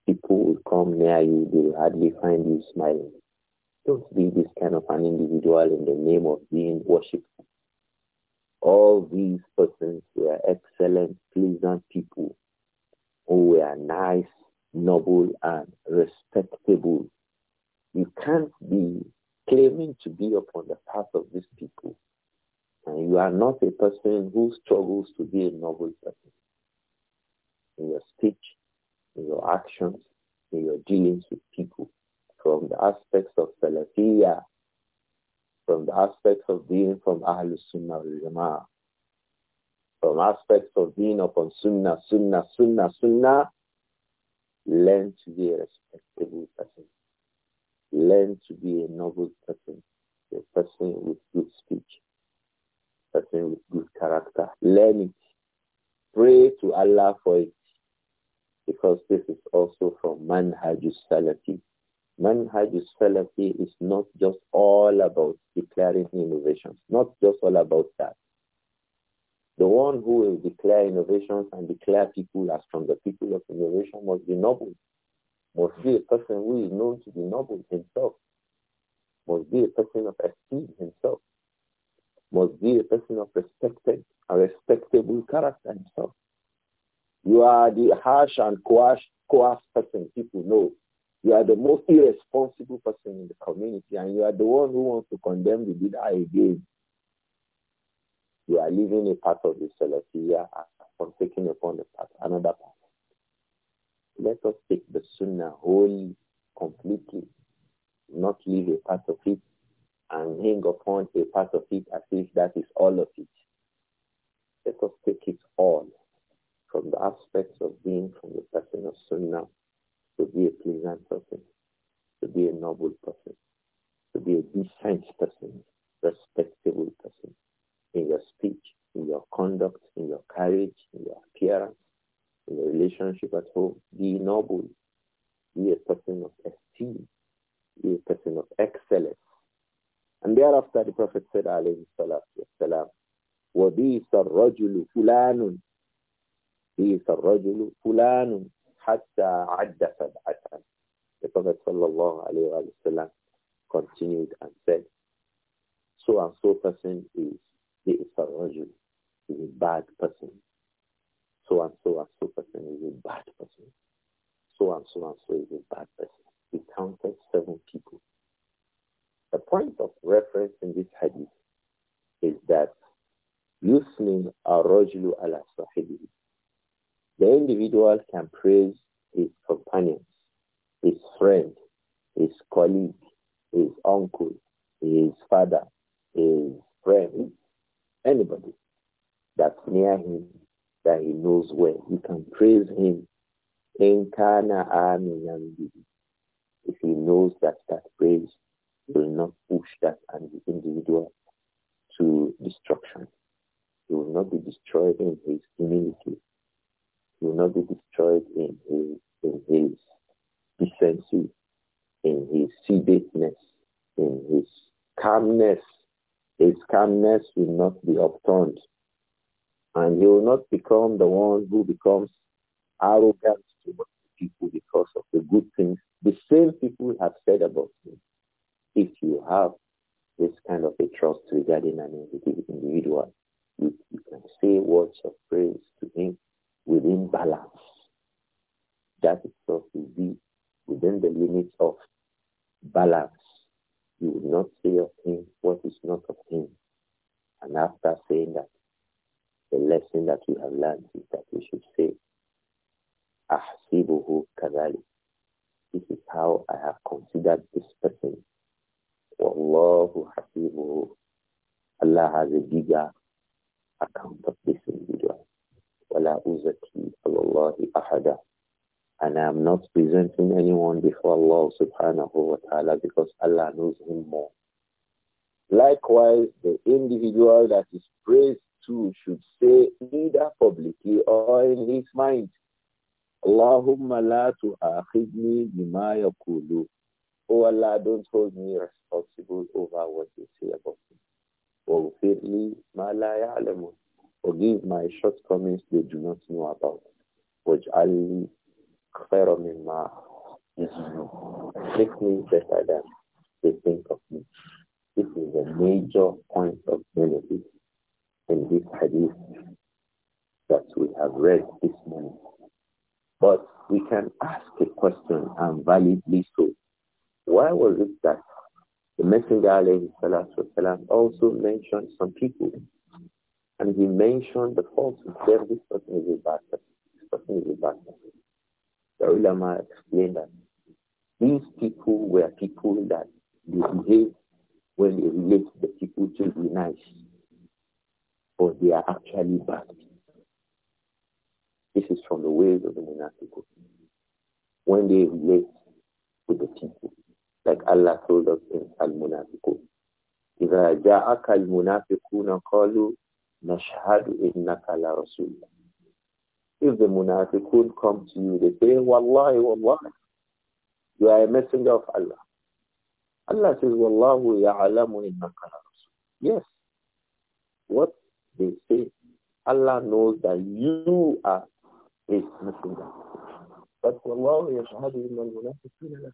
People will come near you. They will hardly find you smiling don't be this kind of an individual in the name of being worshipful. All these persons were excellent, pleasant people who were nice, noble, and respectable. You can't be claiming to be upon the path of these people. And you are not a person who struggles to be a noble person. In your speech, in your actions, in your dealings with people, from the aspects of Salafiyah, from the aspects of being from Ahlul Sunnah wal Jama'ah, from aspects of being upon Sunnah, Sunnah, Sunnah, Sunnah, learn to be a respectable person. Learn to be a noble person, a person with good speech, a person with good character. Learn it. Pray to Allah for it because this is also from Manhajus Salafi. Manhaj Salafi is not just all about declaring innovations, not just all about that. The one who will declare innovations and declare people as from the people of innovation must be noble, must be a person who is known to be noble himself, must be a person of esteem himself, must be a person of respected, a respectable character himself. You are the harsh and coarse, coarse person people know you are the most irresponsible person in the community and you are the one who wants to condemn the bid'ah again. You are leaving a part of the here, and taking upon the part, another part. Let us take the Sunnah wholly, completely, not leave a part of it and hang upon a part of it as if that is all of it. Let us take it all from the aspects of being from the person of Sunnah to be a pleasant person, to be a noble person, to be a decent person, respectable person in your speech, in your conduct, in your carriage, in your appearance, in your relationship at home. Be noble. Be a person of esteem. Be a person of excellence. And thereafter the Prophet said, alayhi salatu wasalam, وَبِيْسَ الرَّجُلُ فُلَانٌ بِيْسَ الرَّجُلُ فُلَانٌ حتى عد سبعة The Prophet sallallahu alayhi wa continued and said, so and so person is the He is a bad person. So and so and so person is a bad person. So and so and so is a bad person. He counted seven people. The point of reference in this hadith is that Yusmin الرَّجُلُ ala sahibihi the individual can praise his companions, his friend, his colleague, his uncle, his father, his friend, anybody that's near him that he knows well. He can praise him. If he knows that that praise will not push that individual to destruction. He will not be destroyed in his community will not be destroyed in his, in his decency, in his sedateness, in his calmness. His calmness will not be upturned. And he will not become the one who becomes arrogant towards people because of the good things the same people have said about him. If you have this kind of a trust regarding an individual, you, you can say words of praise to him within balance. That itself will be within the limits of balance. You will not say of him what is not of him. And after saying that, the lesson that you have learned is that you should say, Ahsibuhu kadali. This is how I have considered this person. Wallahu hasibuhu. Allah has a bigger account of this individual. وَلَا أُزَكِي عَلَى اللَّهِ أَحَدًا and I am not presenting anyone before Allah subhanahu wa ta'ala because Allah knows him more. Likewise, the individual that is praised to should say either publicly or in his mind, Allahumma la tu'akhidni bima yakulu. Oh Allah, don't hold me responsible over what you say about me. وَغْفِرْ لِي مَا لَا يَعْلَمُونَ Forgive my shortcomings they do not know about. وَجْعَلْنِي خَيْرًا مِمَّا يَظُنُّونَ Make me better than they think of me. This is a major point of benefit in this hadith that we have read this morning. But we can ask a question and validly so. Why was it that the Messenger also mentioned some people and he mentioned the false service person is bad person. This The ulama explained that these people were people that they behave when they relate the people to be nice, but they are actually bad. This is from the ways of the monastical. When they relate with the people, like Allah told us in Al-Munafiqun, إذا جاءك المنافقون قالوا Nashhadu innaka la Rasulullah. If the munafiqun come to you, they say, Wallahi, Wallahi, you are a messenger of Allah. Allah says, Wallahu ya'alamu innaka la Rasul. Yes. What they say, Allah knows that you are his messenger. But Wallahu yashhadu innal munafiqina la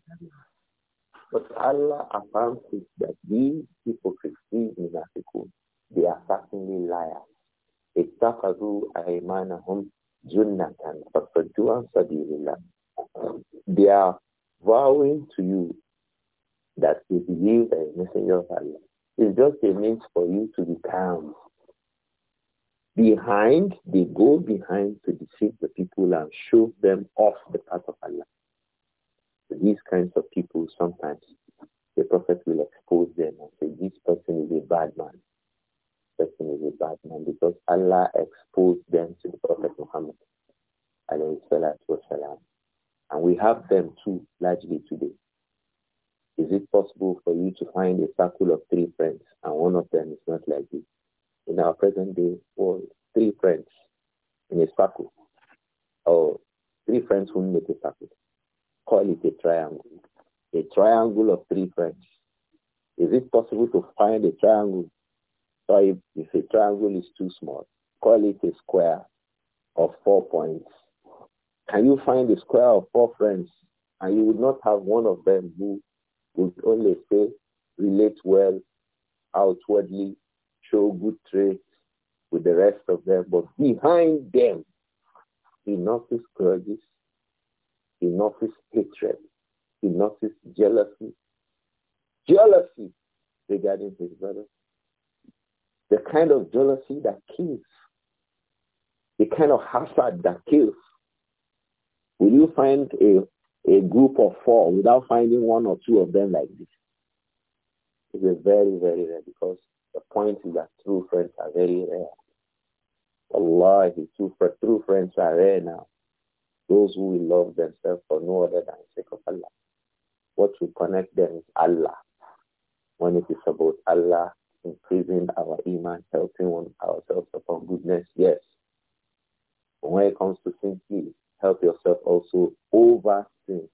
But Allah affirms that these hypocrites succeed munafiqun they are certainly liars. اتخذوا أيمانهم جنة فصدوا عن سبيل الله. They are vowing to you that they believe that the messenger of Allah It's just a means for you to be calm. Behind, they go behind to deceive the people and show them off the path of Allah. So these kinds of people sometimes the Prophet will expose them and say, this person is a bad man person is a bad man because Allah exposed them to the Prophet Muhammad. And we have them too largely today. Is it possible for you to find a circle of three friends and one of them is not like this? In our present day world, three friends in a circle or three friends who make a circle. Call it a triangle. A triangle of three friends. Is it possible to find a triangle so if a triangle is too small, call it a square of four points. Can you find a square of four friends and you would not have one of them who would only say, relate well outwardly, show good traits with the rest of them, but behind them, he notices grudges, he notices hatred, he notices jealousy, jealousy regarding his brother, the kind of jealousy that kills, the kind of hatred that kills. Will you find a, a group of four without finding one or two of them like this? It is very, very rare because the point is that true friends are very rare. Allah, his true, true friends are rare now. Those who will love themselves for no other than the sake of Allah. What will connect them is Allah. When it is about Allah, increasing our iman, helping one, ourselves upon goodness, yes. But when it comes to sin, please help yourself also over sin.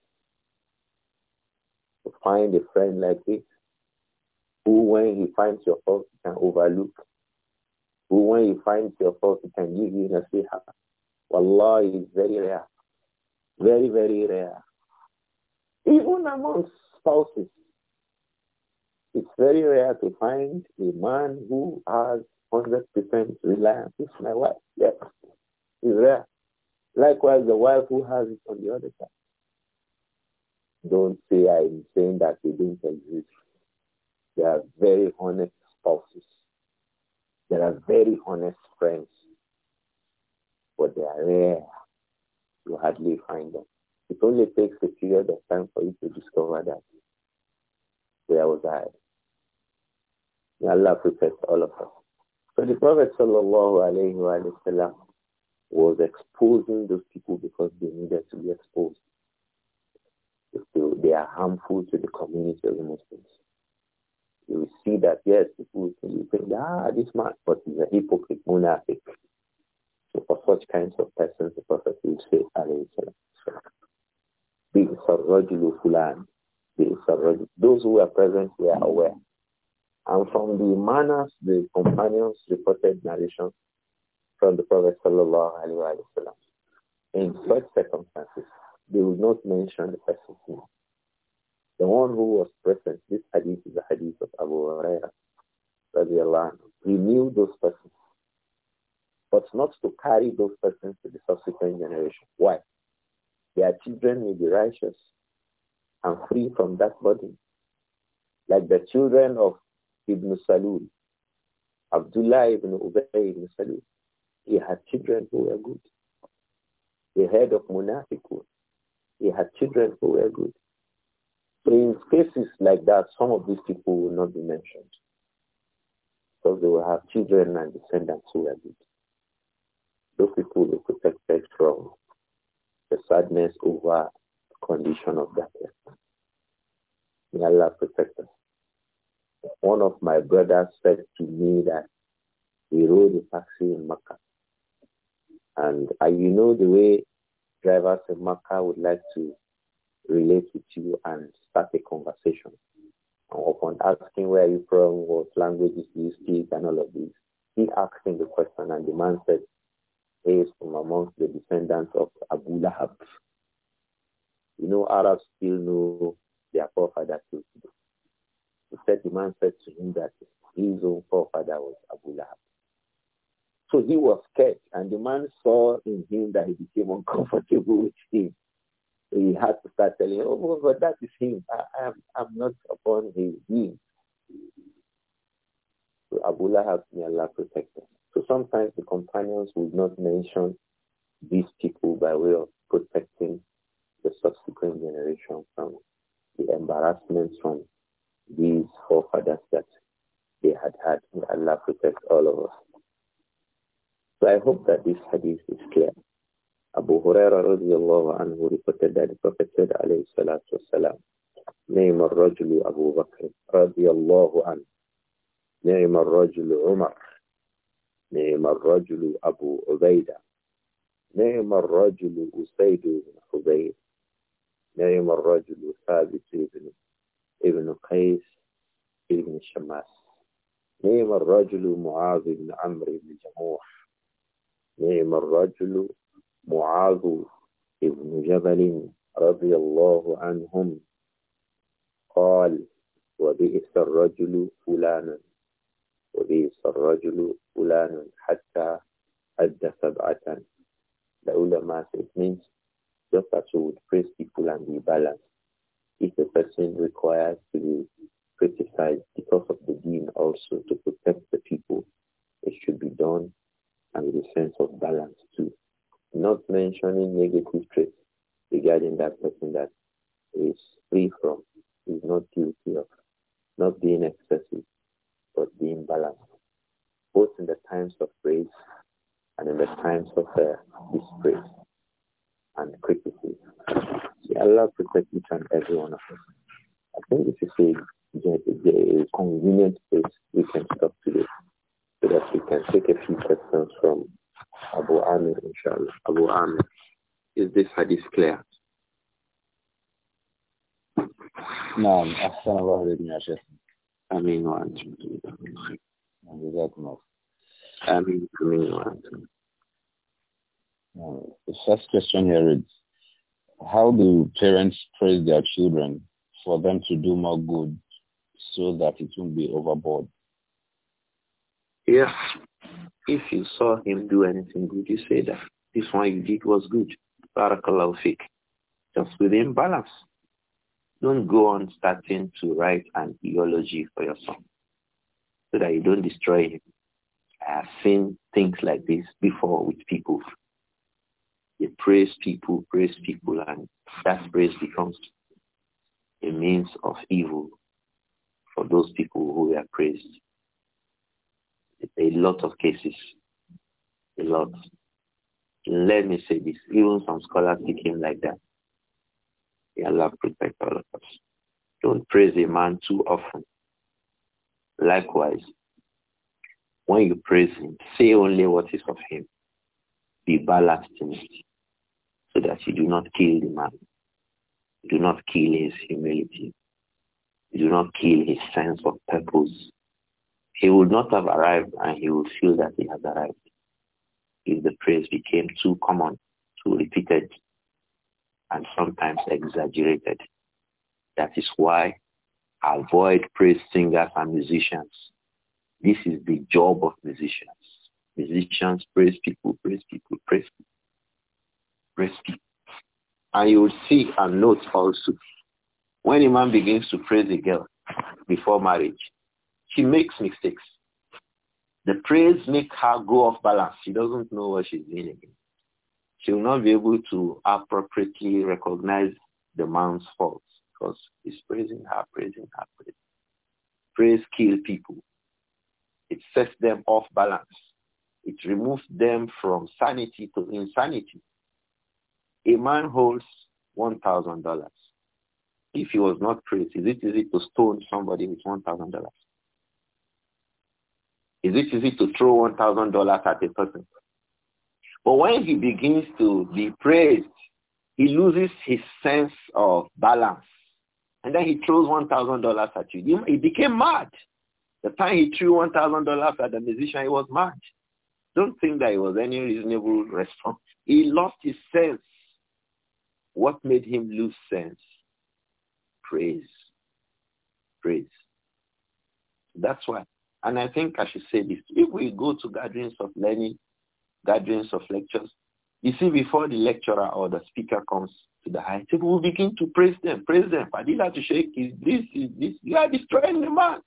To find a friend like this, who when he finds your fault, he can overlook. Who when he finds your fault, he can give you nasiha. Wallah is very rare. Very, very rare. Even among spouses, it's very rare to find a man who has 100% reliance. It's my wife. Yes. It's rare. Likewise, the wife who has it on the other side. Don't say I'm saying that they don't exist. They are very honest spouses. They are very honest friends. But they are rare. You hardly find them. It only takes a period of time for you to discover that. Where was I? May Allah protect all of us. So the Prophet sallallahu alayhi wa, sallam, was exposing those people because they needed to be exposed. So they are harmful to the community of the Muslims. You will see that, yes, people will think, ah, this man, but he's a hypocrite, monarchic. So for such kinds of persons, the Prophet will say, alayhi salam, be Those who are present are aware and from the manners the companions reported narration from the Prophet sallallahu alaihi wasallam. In such circumstances, they would not mention the person's name. The one who was present, this hadith is the hadith of Abu Hurairah. That anhu. He knew those persons, but not to carry those persons to the subsequent generation. Why? Their children may be righteous and free from that body, Like the children of ibn Salul, Abdullah ibn Ubay ibn Salul. He had children who were good. The head of Munafiqun. He had children who were good. So in cases like that, some of these people will not be mentioned. Because they will have children and descendants who are good. Those people will be protected from the sadness over the condition of that person. May Allah protect us one of my brothers said to me that he rode a taxi in Makkah. And uh, you know the way drivers in Makkah would like to relate with you and start a conversation. often upon asking where are you from, what languages do you speak, and all of this, he asked him the question, and the man said, he is from amongst the descendants of Abu Lahab. You know, Arabs still know their forefathers said the man said to him that his own forefather was Abu Lahab. So he was scared and the man saw in him that he became uncomfortable with him. So he had to start telling, oh oh God, that is him. I, am I'm, I'm not upon his him. So Abu Lahab, may Allah protect us. So sometimes the companions would not mention these people by way of protecting the subsequent generation from the embarrassments from these forefathers that they had had. and Allah protect all of us. So I hope that this hadith is clear. Abu Huraira radiallahu anhu reported that the Prophet said alayhi salatu wasalam, نعم الرجل أبو بكر رضي الله عنه نعم الرجل عمر نعم الرجل أبو عبيدة نعم الرجل أسيد بن حبيب نعم الرجل ثابت بن ابن قيس ابن الشماس نعم الرجل معاذ بن عمرو بن جموح نعم الرجل معاذ بن جبل رضي الله عنهم قال وبئس الرجل فلانا وبئس الرجل فلانا حتى أدى سبعة لأولى ما said means just as you would praise people and be balanced. if the person requires to be criticized because of the deen also to protect the people, it should be done and with a sense of balance too. Not mentioning negative traits regarding that person that is free from, is not guilty of, not being excessive, but being balanced, both in the times of praise and in the times of uh, and criticism love Allah protect each and every one of us. I think this is a, a, a convenient place we can stop today so that we can take a few questions from Abu Amir, inshallah. Abu Amir, is this hadith clear? No, أحسن الله إليكم يا شيخ The first question here is how do parents praise their children for them to do more good so that it won't be overboard? Yes. If you saw him do anything good, you say that this one you did was good. Barakallahu fiqh. Just within balance. Don't go on starting to write an eulogy for your son so that you don't destroy him. I have seen things like this before with people you praise people, praise people, and that praise becomes a means of evil for those people who were praised. A lot of cases, a lot. Let me say this, even some scholars became like that. May Allah protect all of us. Don't praise a man too often. Likewise, when you praise him, say only what is of him be balanced in it so that you do not kill the man. You do not kill his humility. You do not kill his sense of purpose. He would not have arrived and he would feel that he has arrived if the praise became too common, too repeated, and sometimes exaggerated. That is why avoid praise singers and musicians. This is the job of musicians musicians, praise people, praise people, praise people, praise people. And you will see and note also, when a man begins to praise a girl before marriage, she makes mistakes. The praise make her go off balance. She doesn't know what she's doing again. She will not be able to appropriately recognize the man's faults because he's praising her, praising her, praising. Praise kill people. It sets them off balance. It removes them from sanity to insanity. A man holds $1,000. If he was not praised, is it easy to stone somebody with $1,000? Is it easy to throw $1,000 at a person? But when he begins to be praised, he loses his sense of balance. And then he throws $1,000 at you. He became mad. The time he threw $1,000 at the musician, he was mad. Don't think that it was any reasonable response. He lost his sense. What made him lose sense? Praise. Praise. That's why. And I think I should say this. If we go to gatherings of learning, gatherings of lectures, you see, before the lecturer or the speaker comes to the high table, we begin to praise them, praise them. Fadila to shake is this, is this. You are destroying the man.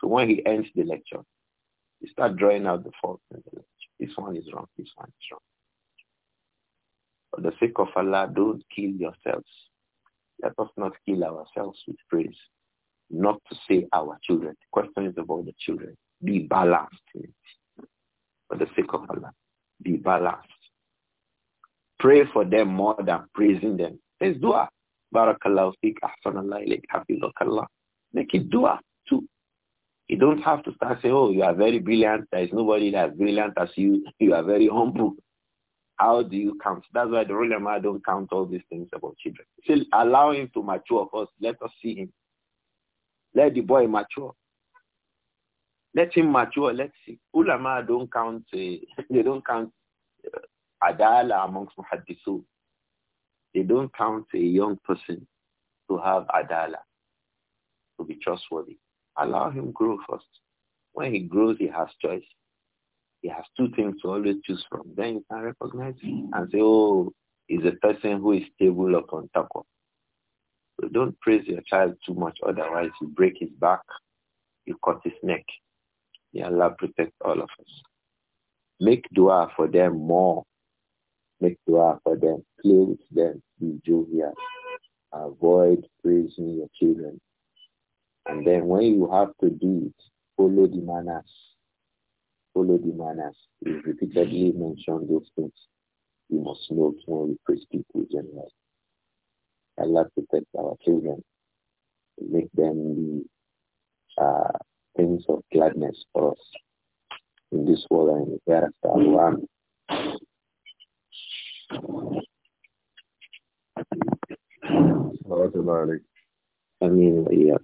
So when he ends the lecture, you start drawing out the faults. This one is wrong. This one is wrong. For the sake of Allah, don't kill yourselves. Let us not kill ourselves with praise. Not to say our children. The question is about the children. Be balanced in it. For the sake of Allah, be balanced. Pray for them more than praising them. It's dua. Barakallahu fiqh, ahsanallah ilayk, Allah. Make it dua. You don't have to start saying, oh, you are very brilliant. There is nobody that is brilliant as you. You are very humble. How do you count? That's why the ulama don't count all these things about children. Still allow him to mature first. Let us see him. Let the boy mature. Let him mature. Let's see. Ulama don't count. Uh, they don't count uh, adala amongst muhaddisu. They don't count a young person to have adala, to be trustworthy. Allow him grow first. When he grows, he has choice. He has two things to always choose from. Then you can recognize him and say, oh, he's a person who is stable upon taqwa. So don't praise your child too much, otherwise you break his back, you cut his neck. May Allah protect all of us. Make dua for them more. Make dua for them. Play with them. Be jovial. Avoid praising your children and then when you have to do it, follow the manners. Follow the manners. We repeatedly mentioned those things. You must note when we praise people generally. Allah protect our children. Make them the uh, things of gladness for us in this world and in the hereafter. One. I mean, yeah.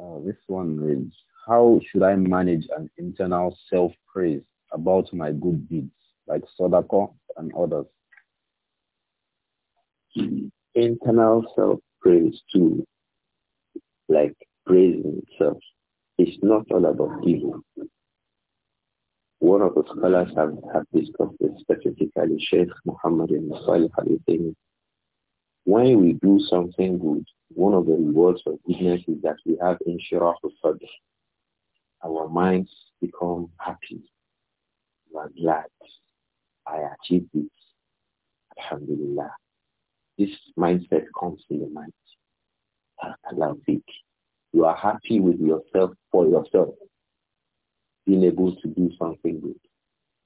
Uh, this one reads, how should I manage an internal self-praise about my good deeds, like Sodako and others? Internal self-praise too, like praising itself, is not all about evil. One of the scholars have, have discussed this specifically, Sheikh Muhammad al Salih al When we do something good, one of the rewards of goodness is that we have insurance of sadr. Our minds become happy. We are glad. I achieved this. Alhamdulillah. This mindset comes in the mind. Alhamdulillah. You are happy with yourself for yourself. Being able to do something good.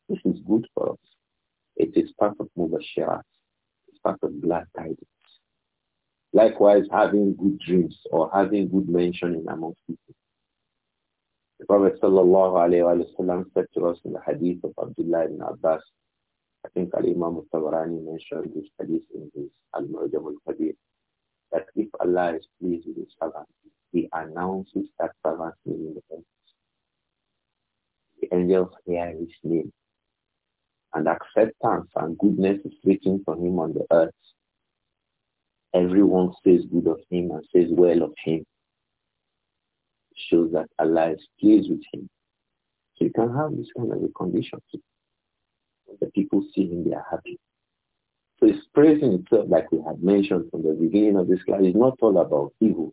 This is good for us. It is part of Mubashirat. It's part of glad tidings. Likewise, having good dreams or having good mentioning amongst people. The Prophet sallallahu said to us in the hadith of Abdullah ibn Abbas, I think Al-Imam al-Tabarani mentioned this hadith in his Al-Mu'jam al-Kabir, that if Allah is pleased with his servant, he announces that servant's name in the heavens. The angels hear his name, and acceptance and goodness is written for him on the earth everyone says good of him and says well of him, shows that Allah is pleased with him. So you can have this kind of a condition too. The people see him, they are happy. So it's praising itself, like we had mentioned from the beginning of this class, is not all about evil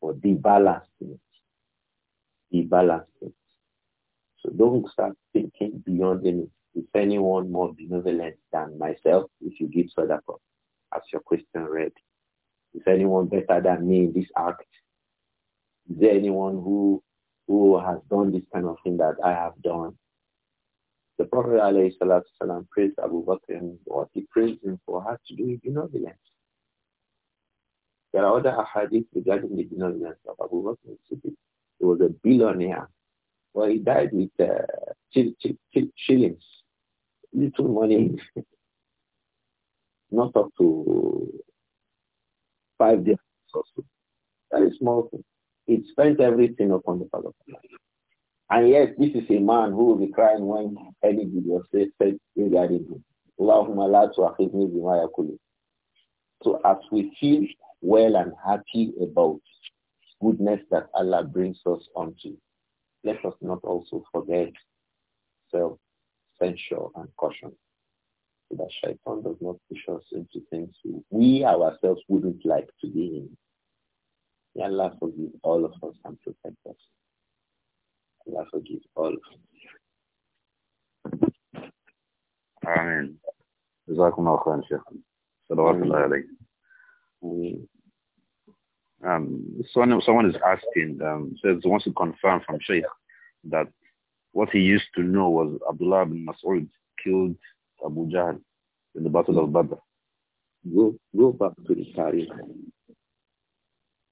or debalancing it. Debalancing it. So don't start thinking beyond limits. If anyone more benevolent than myself, if you give sadaqah, as your question read. Is anyone better than me in this act? Is there anyone who who has done this kind of thing that I have done? The Prophet ﷺ praised Abu Bakr and what he praised him for had to do with benevolence. There are other hadith regarding the benevolence of Abu Bakr city. He was a billionaire. Well, he died with uh, shillings, little money. not up to five days or so. Very small thing. It spent everything upon the Father. And yet, this is a man who will be crying when any video says said regarding him. Allahumma la tu'akhidni So as we feel well and happy about goodness that Allah brings us onto, let us not also forget self-censure and caution that shaitan does not push us into things we ourselves wouldn't like to be in. May Allah forgive all of us and protect us. Allah forgive all of us. Amen. جزاكم الله um, someone, someone is asking, um, says wants to confirm from Sheikh that what he used to know was Abdullah bin Mas'ud killed Abu Jahl in the Battle of hmm. Badr. Go, go back to the Tariq.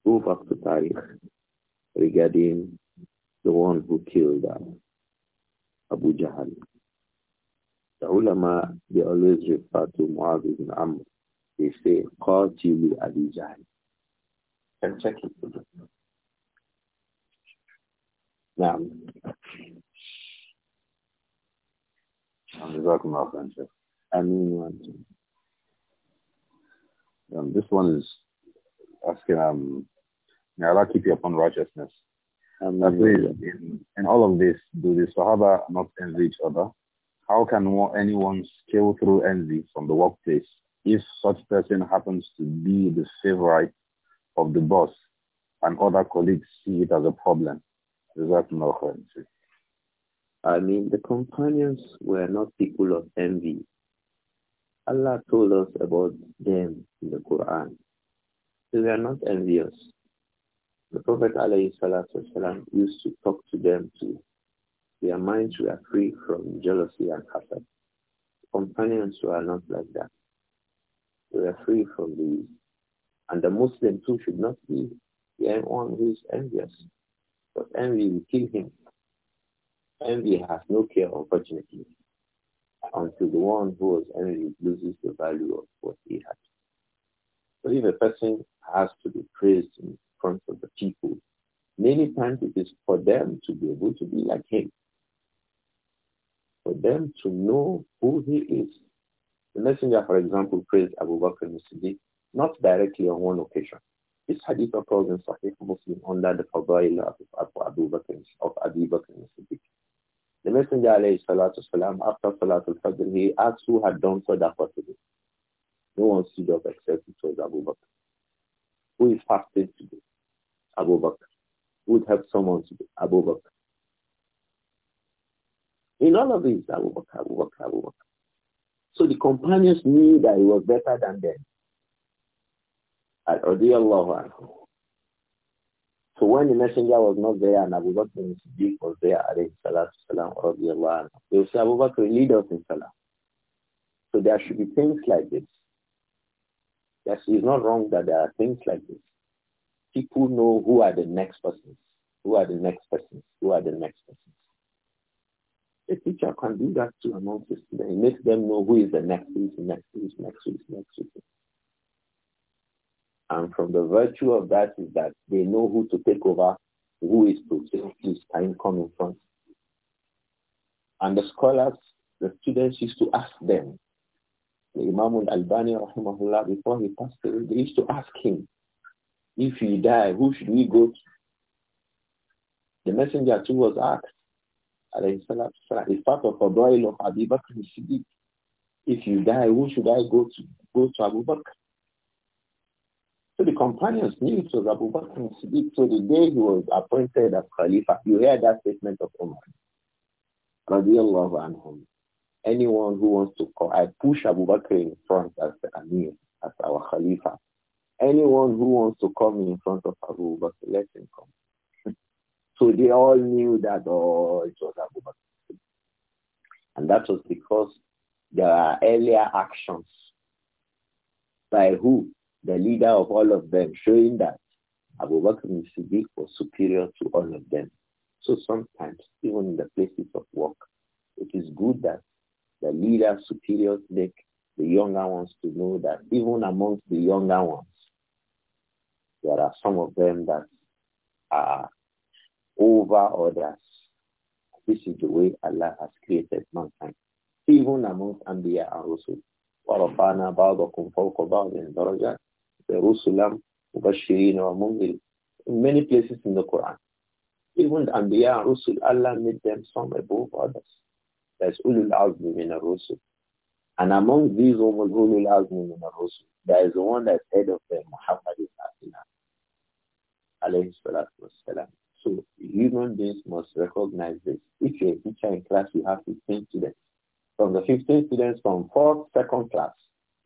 Go back to Tariq regarding the one who killed uh, Abu Jahl. The ulama, they always refer to Muhammad, ibn Amr. They say, Qatilu Abu Jahl. And check it. Now, Jazakum Allah I mean, um, this one is asking, um, may Allah keep you upon righteousness. And that is, in, in all of this, do the Sahaba not envy each other? How can anyone scale through envy from the workplace if such person happens to be the favorite of the boss and other colleagues see it as a problem? Jazakum Allah I mean, the companions were not people of envy. Allah told us about them in the Quran. They were not envious. The Prophet ﷺ used to talk to them too. Their minds were free from jealousy and hatred. Companions were not like that. They were free from these. And the Muslim too should not be the one who is envious. But envy will kill him Envy has no care, unfortunately, until the one who was envied loses the value of what he had. But if a person has to be praised in front of the people, many times it is for them to be able to be like him, for them to know who he is. The messenger, for example, praised Abu Bakr al-Siddiq not directly on one occasion. This hadith occurs in Sahih Muslim under the Fadail of Abu Bakr of Abu Bakr siddiq the Messenger alayhi salatu salam, after Salatul Fajr, he asked who had done that today. No one stood up except it was Abu Bakr. Who is fasting today? Abu Bakr. Who would help someone today? Abu Bakr. In all of these, Abu Bakr, Abu Bakr, Abu Bakr. So the companions knew that he was better than them. Radiallahu anhu. So when the messenger was not there and Abu Bakr and Siddiq was there, alayhi salatu salam, radiallahu they would say, Abu Bakr, lead us in salah. So there should be things like this. Yes, it's not wrong that there are things like this. People know who are the next persons, who are the next persons, who are the next persons. A teacher can do that to amongst the students. He makes them know who is the next, who is the next, who is next, who is next. Who is next. And from the virtue of that is that they know who to take over, who is to take his time coming from. front? And the scholars, the students used to ask them. The Imam al-Albani, rahimahullah, before he passed away, they used to ask him, if he die, who should we go to? The messenger too was asked, it's part of a boil of Abu Bakr Siddiq. If you die, who should I go to? Go to Abu Bakr. So the companions knew it was Abu Bakr and Siddiq. So the day he was appointed as Khalifa, you hear that statement of Umar. anhum. Anyone who wants to call, I push Abu Bakr in front as the Amir, as our Khalifa. Anyone who wants to come in front of Abu Bakr, let him come. so they all knew that, oh, it was Abu Bakr. And that was because there are earlier actions by who? the leader of all of them, showing that Abu Bakr al-Siddiq was superior to all of them. So sometimes, even in the places of work, it is good that the leader superiors make the younger ones to know that even amongst the younger ones, there are some of them that are over others. This is the way Allah has created mankind. Even amongst Anbiya and Rasul. وَرَفَعْنَا بَعْضَكُمْ فَوْقَ بَعْضٍ دَرَجَاتٍ Rusulam, Mubashirin, or Mungil. In many places in the Quran. Even the Anbiya and Rusul, Allah made them some above others. There's Ulul Azmi min Rusul. And among these Umul Ulul Azmi min Rusul, there is one that's head of them, Muhammad is alayhi salatu wasalam. So human beings must recognize this. If you're a teacher in class, you have 15 students. From the 15 students from fourth, second class,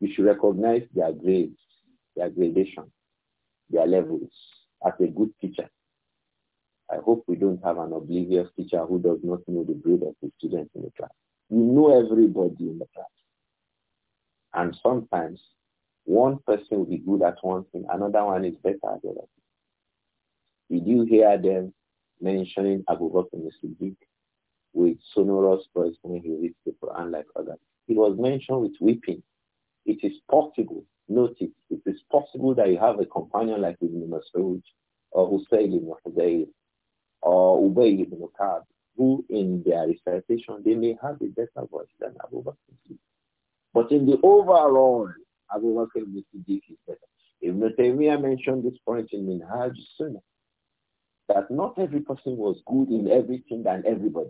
you should recognize their grades their gradation, their levels as a good teacher. I hope we don't have an oblivious teacher who does not know the grade of the students in the class. You know everybody in the class. And sometimes one person will be good at one thing, another one is better at the other. Did you hear them mentioning Abu Bakr Siddiq with sonorous voice when he reads the Quran like others? It was mentioned with weeping. It is possible notice it is possible that you have a companion like Ibn Mas'ud or Husayl ibn Hudayr or Ubay ibn Ka'b who in their recitation they may have a better voice than Abu Bakr But in the overall, Abu Bakr Siddiq is better. Ibn Taymiyyah mentioned this point in Minhaj Sunnah that not every person was good in everything and everybody.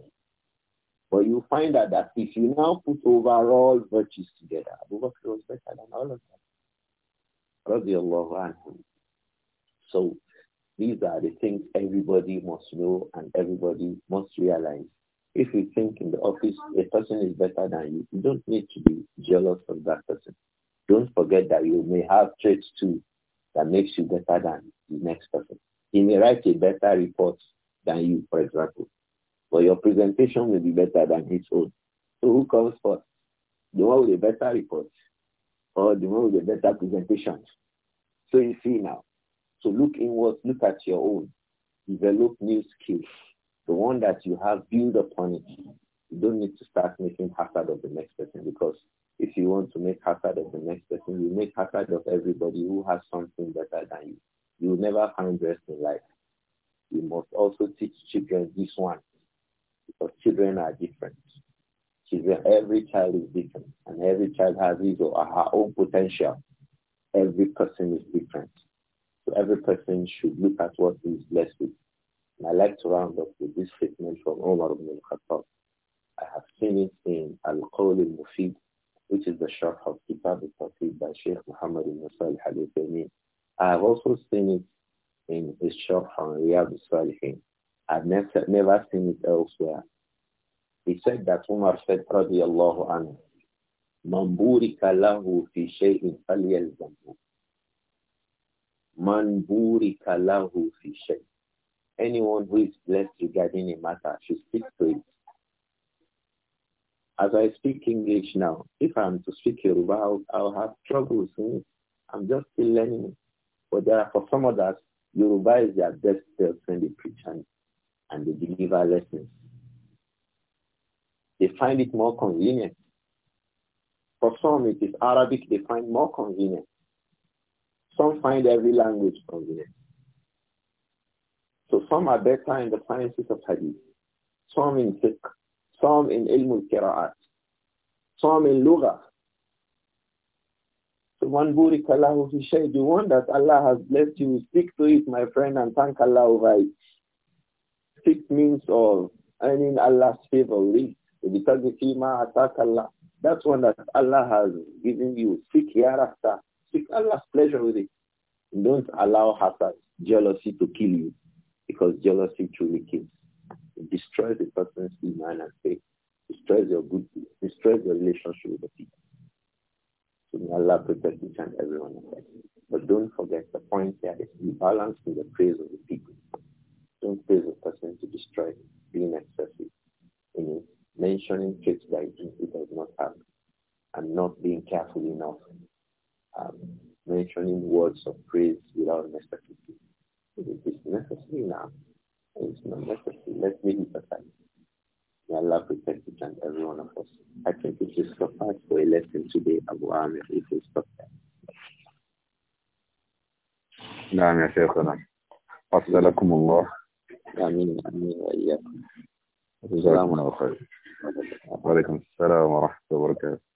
But you find out that if you now put overall virtues together, Abu Bakr was better than all of them radiallahu anhu. So these are the things everybody must know and everybody must realize. If you think in the office a person is better than you, you don't need to be jealous of that person. Don't forget that you may have traits too that makes you better than the next person. He may write a better report than you, for example, but your presentation will be better than his own. So who comes first? The one with a better report or the one with the better presentations. So you see now. So look inwards, look at your own. Develop new skills. The one that you have, build upon it. You don't need to start making hazard of the next person because if you want to make hazard of the next person, you make hazard of everybody who has something better than you. You will never find rest in life. You must also teach children this one because children are different every child is different and every child has his or her own potential. Every person is different. So every person should look at what he is blessed with. And I like to round up with this statement from Omar ibn al-Khattab. I have seen it in Al-Qawl al-Mufid, which is the Sharh of Kitab al-Tawfiq by Sheikh Muhammad ibn Salih al I have also seen it in his Sharh on Riyadh al-Salihin. I've never, never seen it elsewhere. He said that Umar said, radiallahu anhu, Anyone who is blessed regarding a matter should speak to it. As I speak English now, if I'm to speak Yoruba, I'll, I'll have troubles. I'm just still learning. But there are for some others, Yoruba is their best self when they preach and, and they deliver lessons. They find it more convenient. For some, it is Arabic they find more convenient. Some find every language convenient. So some are better in the sciences of hadith, some in fiqh, some in ilm al-qira'at, some in lugha. So one burik Allahu fi shay, the one that Allah has blessed you, speak to it, my friend, and thank Allah over it. Six means of earning Allah's favor with the That's one that Allah has given you. Seek hereafter. Seek Allah's pleasure with it. Don't allow hatred, jealousy to kill you because jealousy truly kills. It destroys the person's iman and faith. Destroys your good, destroys your relationship with the people. So may Allah protect each and everyone of us. But don't forget the point here is the balance in the praise of the people. Don't praise a person to destroy being excessive in it mentioning traits that this it does not have, and not being careful enough, um, mentioning words of praise without necessity. It is necessary now. It's not necessary. Let's leave it May Allah protect each and every one of us. I think it is suffice for a lesson today, Abu Amir, if we stop there. نعم يا شيخنا أسألكم الله آمين آمين وإياكم جزاكم الله خير وعليكم السلام ورحمة الله وبركاته